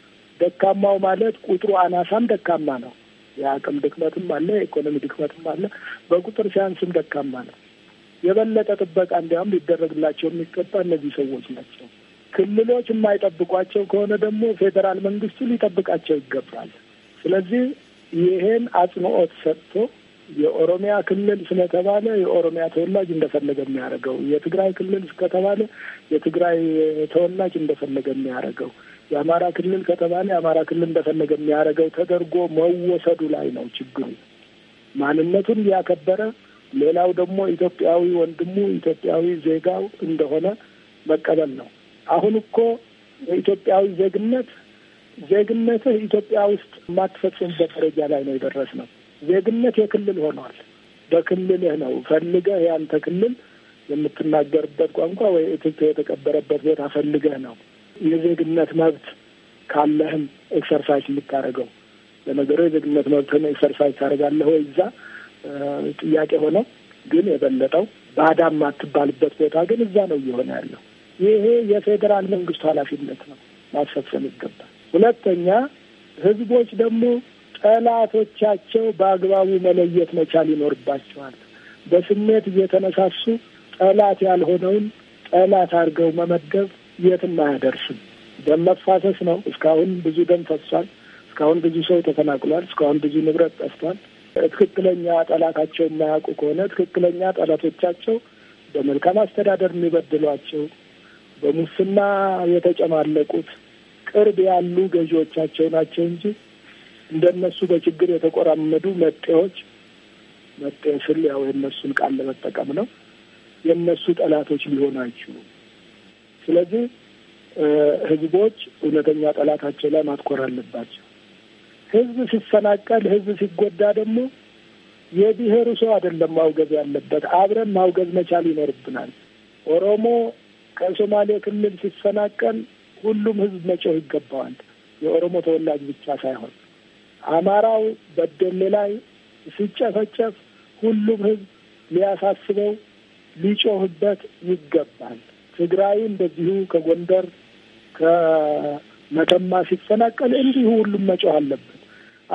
ደካማው ማለት ቁጥሩ አናሳም ደካማ ነው። የአቅም ድክመትም አለ፣ የኢኮኖሚ ድክመትም አለ። በቁጥር ሲያንስም ደካማ ነው። የበለጠ ጥበቃ እንዲያውም ሊደረግላቸው የሚገባ እነዚህ ሰዎች ናቸው። ክልሎች የማይጠብቋቸው ከሆነ ደግሞ ፌዴራል መንግስቱ ሊጠብቃቸው ይገባል። ስለዚህ ይሄን አጽንኦት ሰጥቶ የኦሮሚያ ክልል ስለተባለ የኦሮሚያ ተወላጅ እንደፈለገ የሚያደርገው፣ የትግራይ ክልል ከተባለ የትግራይ ተወላጅ እንደፈለገ የሚያደርገው፣ የአማራ ክልል ከተባለ የአማራ ክልል እንደፈለገ የሚያደርገው ተደርጎ መወሰዱ ላይ ነው ችግሩ። ማንነቱን ያከበረ ሌላው ደግሞ ኢትዮጵያዊ ወንድሙ ኢትዮጵያዊ ዜጋው እንደሆነ መቀበል ነው። አሁን እኮ የኢትዮጵያዊ ዜግነት ዜግነትህ ኢትዮጵያ ውስጥ የማትፈጽምበት ደረጃ ላይ ነው የደረስ ነው። ዜግነት የክልል ሆኗል። በክልልህ ነው ፈልገህ ያንተ ክልል የምትናገርበት ቋንቋ ወይ እትብት የተቀበረበት ቦታ ፈልገህ ነው የዜግነት መብት ካለህም ኤክሰርሳይዝ የምታደርገው ለነገሩ የዜግነት መብትህን ኤክሰርሳይዝ ታደርጋለህ ወይ እዛ ጥያቄ ሆነው ግን የበለጠው ባዳ የማትባልበት ቦታ ግን እዛ ነው እየሆነ ያለው። ይሄ የፌዴራል መንግስቱ ኃላፊነት ነው ማስፈጸም ይገባል። ሁለተኛ ህዝቦች ደግሞ ጠላቶቻቸው በአግባቡ መለየት መቻል ይኖርባቸዋል። በስሜት እየተነሳሱ ጠላት ያልሆነውን ጠላት አድርገው መመደብ የትም አያደርስም። ደም መፋሰስ ነው። እስካሁን ብዙ ደም ፈሷል። እስካሁን ብዙ ሰው ተፈናቅሏል። እስካሁን ብዙ ንብረት ጠፍቷል። ትክክለኛ ጠላታቸው የማያውቁ ከሆነ ትክክለኛ ጠላቶቻቸው በመልካም አስተዳደር የሚበድሏቸው፣ በሙስና የተጨማለቁት ቅርብ ያሉ ገዢዎቻቸው ናቸው እንጂ እንደነሱ በችግር የተቆራመዱ መጤዎች መጤ ስል ያው የእነሱን ቃል ለመጠቀም ነው። የእነሱ ጠላቶች ሊሆን አይችሉም። ስለዚህ ህዝቦች እውነተኛ ጠላታቸው ላይ ማትኮር አለባቸው። ህዝብ ሲፈናቀል፣ ህዝብ ሲጎዳ ደግሞ የብሔሩ ሰው አይደለም ማውገዝ ያለበት፣ አብረን ማውገዝ መቻል ይኖርብናል። ኦሮሞ ከሶማሌ ክልል ሲፈናቀል ሁሉም ህዝብ መጮህ ይገባዋል። የኦሮሞ ተወላጅ ብቻ ሳይሆን አማራው በደሌ ላይ ሲጨፈጨፍ ሁሉም ህዝብ ሊያሳስበው ሊጮህበት ይገባል። ትግራይ እንደዚሁ ከጎንደር ከመተማ ሲፈናቀል እንዲሁ ሁሉም መጮህ አለበት።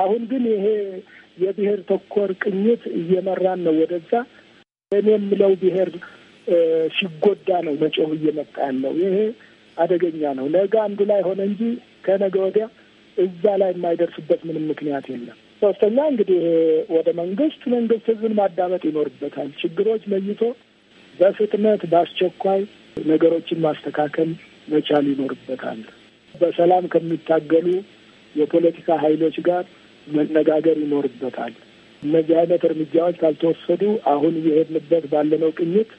አሁን ግን ይሄ የብሔር ተኮር ቅኝት እየመራን ነው ወደዛ። እኔ የምለው ብሔር ሲጎዳ ነው መጮህ እየመጣ ያለው። ይሄ አደገኛ ነው። ነገ አንዱ ላይ ሆነ እንጂ ከነገ ወዲያ እዛ ላይ የማይደርስበት ምንም ምክንያት የለም። ሶስተኛ እንግዲህ ወደ መንግስት መንግስት ህዝብን ማዳመጥ ይኖርበታል። ችግሮች ለይቶ በፍጥነት በአስቸኳይ ነገሮችን ማስተካከል መቻል ይኖርበታል። በሰላም ከሚታገሉ የፖለቲካ ኃይሎች ጋር መነጋገር ይኖርበታል። እነዚህ አይነት እርምጃዎች ካልተወሰዱ አሁን እየሄድንበት ባለነው ቅኝት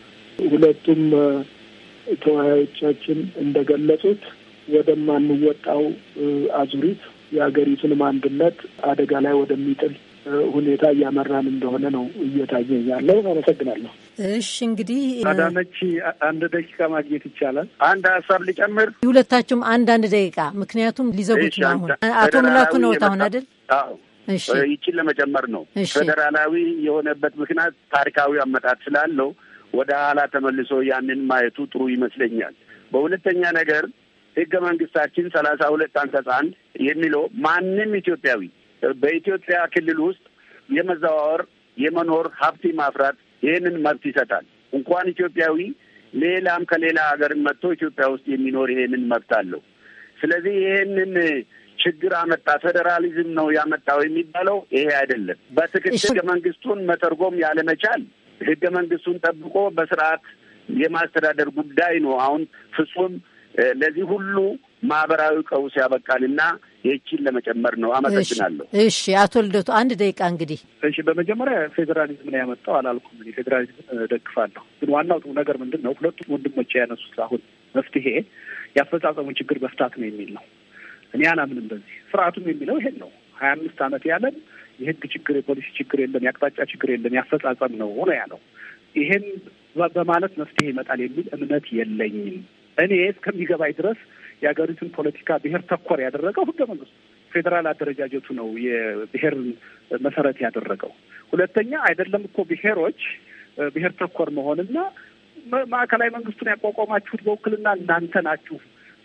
ሁለቱም ተወያዮቻችን እንደገለጹት ወደማንወጣው አዙሪት የሀገሪቱንም አንድነት አደጋ ላይ ወደሚጥል ሁኔታ እያመራን እንደሆነ ነው እየታየኝ ያለው። አመሰግናለሁ። እሺ እንግዲህ አዳነች፣ አንድ ደቂቃ ማግኘት ይቻላል? አንድ ሀሳብ ሊጨምር ሁለታችሁም አንድ አንድ ደቂቃ ምክንያቱም ሊዘጉች ነው። አሁን አቶ ምላኩ ነው አሁን አይደል? አዎ ይቺን ለመጨመር ነው። ፌዴራላዊ የሆነበት ምክንያት ታሪካዊ አመጣት ስላለው ወደ ኋላ ተመልሶ ያንን ማየቱ ጥሩ ይመስለኛል። በሁለተኛ ነገር ህገ መንግስታችን ሰላሳ ሁለት አንቀጽ አንድ የሚለው ማንም ኢትዮጵያዊ በኢትዮጵያ ክልል ውስጥ የመዘዋወር የመኖር፣ ሀብት ማፍራት ይህንን መብት ይሰጣል። እንኳን ኢትዮጵያዊ ሌላም ከሌላ ሀገር መጥቶ ኢትዮጵያ ውስጥ የሚኖር ይህንን መብት አለው። ስለዚህ ይህንን ችግር አመጣ ፌዴራሊዝም ነው ያመጣው የሚባለው ይሄ አይደለም። በትክክል ህገ መንግስቱን መተርጎም ያለመቻል ህገ መንግስቱን ጠብቆ በስርዓት የማስተዳደር ጉዳይ ነው። አሁን ፍጹም ለዚህ ሁሉ ማህበራዊ ቀውስ ያበቃንና የቺን ለመጨመር ነው። አመሰግናለሁ። እሺ፣ አቶ ልደቱ አንድ ደቂቃ እንግዲህ። እሺ፣ በመጀመሪያ ፌዴራሊዝም ነው ያመጣው አላልኩም። ፌዴራሊዝም ደግፋለሁ፣ ግን ዋናው ነገር ምንድን ነው? ሁለቱም ወንድሞች ያነሱት አሁን መፍትሄ ያፈጻጸሙ ችግር መፍታት ነው የሚል ነው። እኔ አላምንም በዚህ ስርዓቱም የሚለው ይሄን ነው። ሀያ አምስት አመት ያለን የህግ ችግር የፖሊሲ ችግር የለም፣ የአቅጣጫ ችግር የለም፣ ያፈጻጸም ነው ሆነ ያለው ይሄን በማለት መፍትሄ ይመጣል የሚል እምነት የለኝም። እኔ እስከሚገባኝ ድረስ የሀገሪቱን ፖለቲካ ብሔር ተኮር ያደረገው ህገ መንግስቱ ፌዴራል አደረጃጀቱ ነው የብሔር መሰረት ያደረገው። ሁለተኛ አይደለም እኮ ብሔሮች ብሔር ተኮር መሆንና ማዕከላዊ መንግስቱን ያቋቋማችሁት በውክልና እናንተ ናችሁ።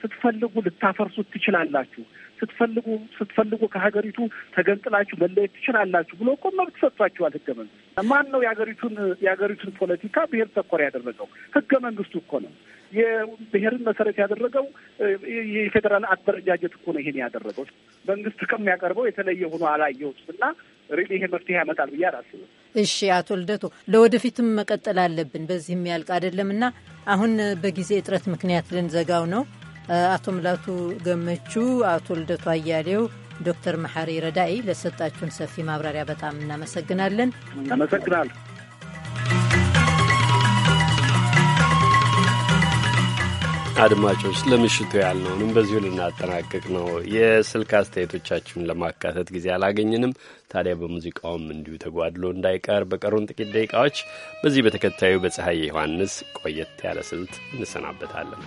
ስትፈልጉ ልታፈርሱት ትችላላችሁ። ስትፈልጉ ስትፈልጉ ከሀገሪቱ ተገንጥላችሁ መለየት ትችላላችሁ ብሎ እኮ መብት ሰጥቷችኋል ህገ መንግስት። ማን ነው የሀገሪቱን የሀገሪቱን ፖለቲካ ብሔር ተኮር ያደረገው? ህገ መንግስቱ እኮ ነው። የብሔርን መሰረት ያደረገው የፌዴራል አደረጃጀት እኮ ነው ይሄን ያደረገው። መንግስት ከሚያቀርበው የተለየ ሆኖ አላየሁትም እና ሪል ይሄ መፍትሄ ያመጣል ብዬ አላስብም። እሺ አቶ ልደቱ፣ ለወደፊትም መቀጠል አለብን በዚህ የሚያልቅ አይደለም እና አሁን በጊዜ እጥረት ምክንያት ልንዘጋው ነው። አቶ ምላቱ ገመቹ፣ አቶ ልደቱ አያሌው፣ ዶክተር መሐሪ ረዳኢ ለሰጣችሁን ሰፊ ማብራሪያ በጣም እናመሰግናለን። እናመሰግናለሁ። አድማጮች ለምሽቱ ያልነውንም በዚሁ ልናጠናቅቅ ነው። የስልክ አስተያየቶቻችሁን ለማካተት ጊዜ አላገኘንም። ታዲያ በሙዚቃውም እንዲሁ ተጓድሎ እንዳይቀር በቀሩን ጥቂት ደቂቃዎች በዚህ በተከታዩ በፀሐይ ዮሐንስ ቆየት ያለ ስልት እንሰናበታለን።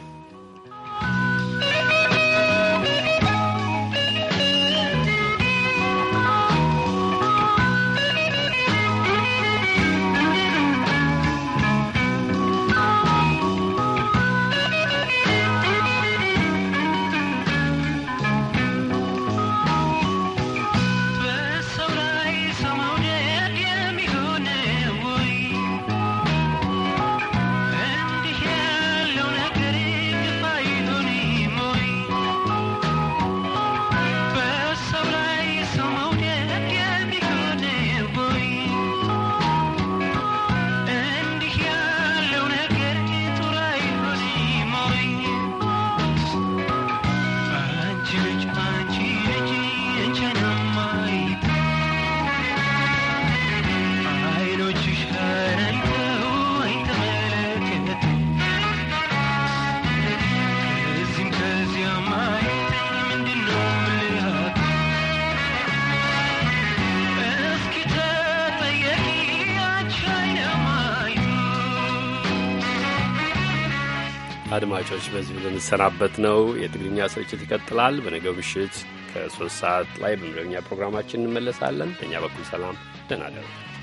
አድማጮች በዚሁ የምሰናበት ነው። የትግርኛ ስርጭት ይቀጥላል። በነገው ምሽት ከሶስት ሰዓት ላይ በመደበኛ ፕሮግራማችን እንመለሳለን። በእኛ በኩል ሰላም፣ ደህና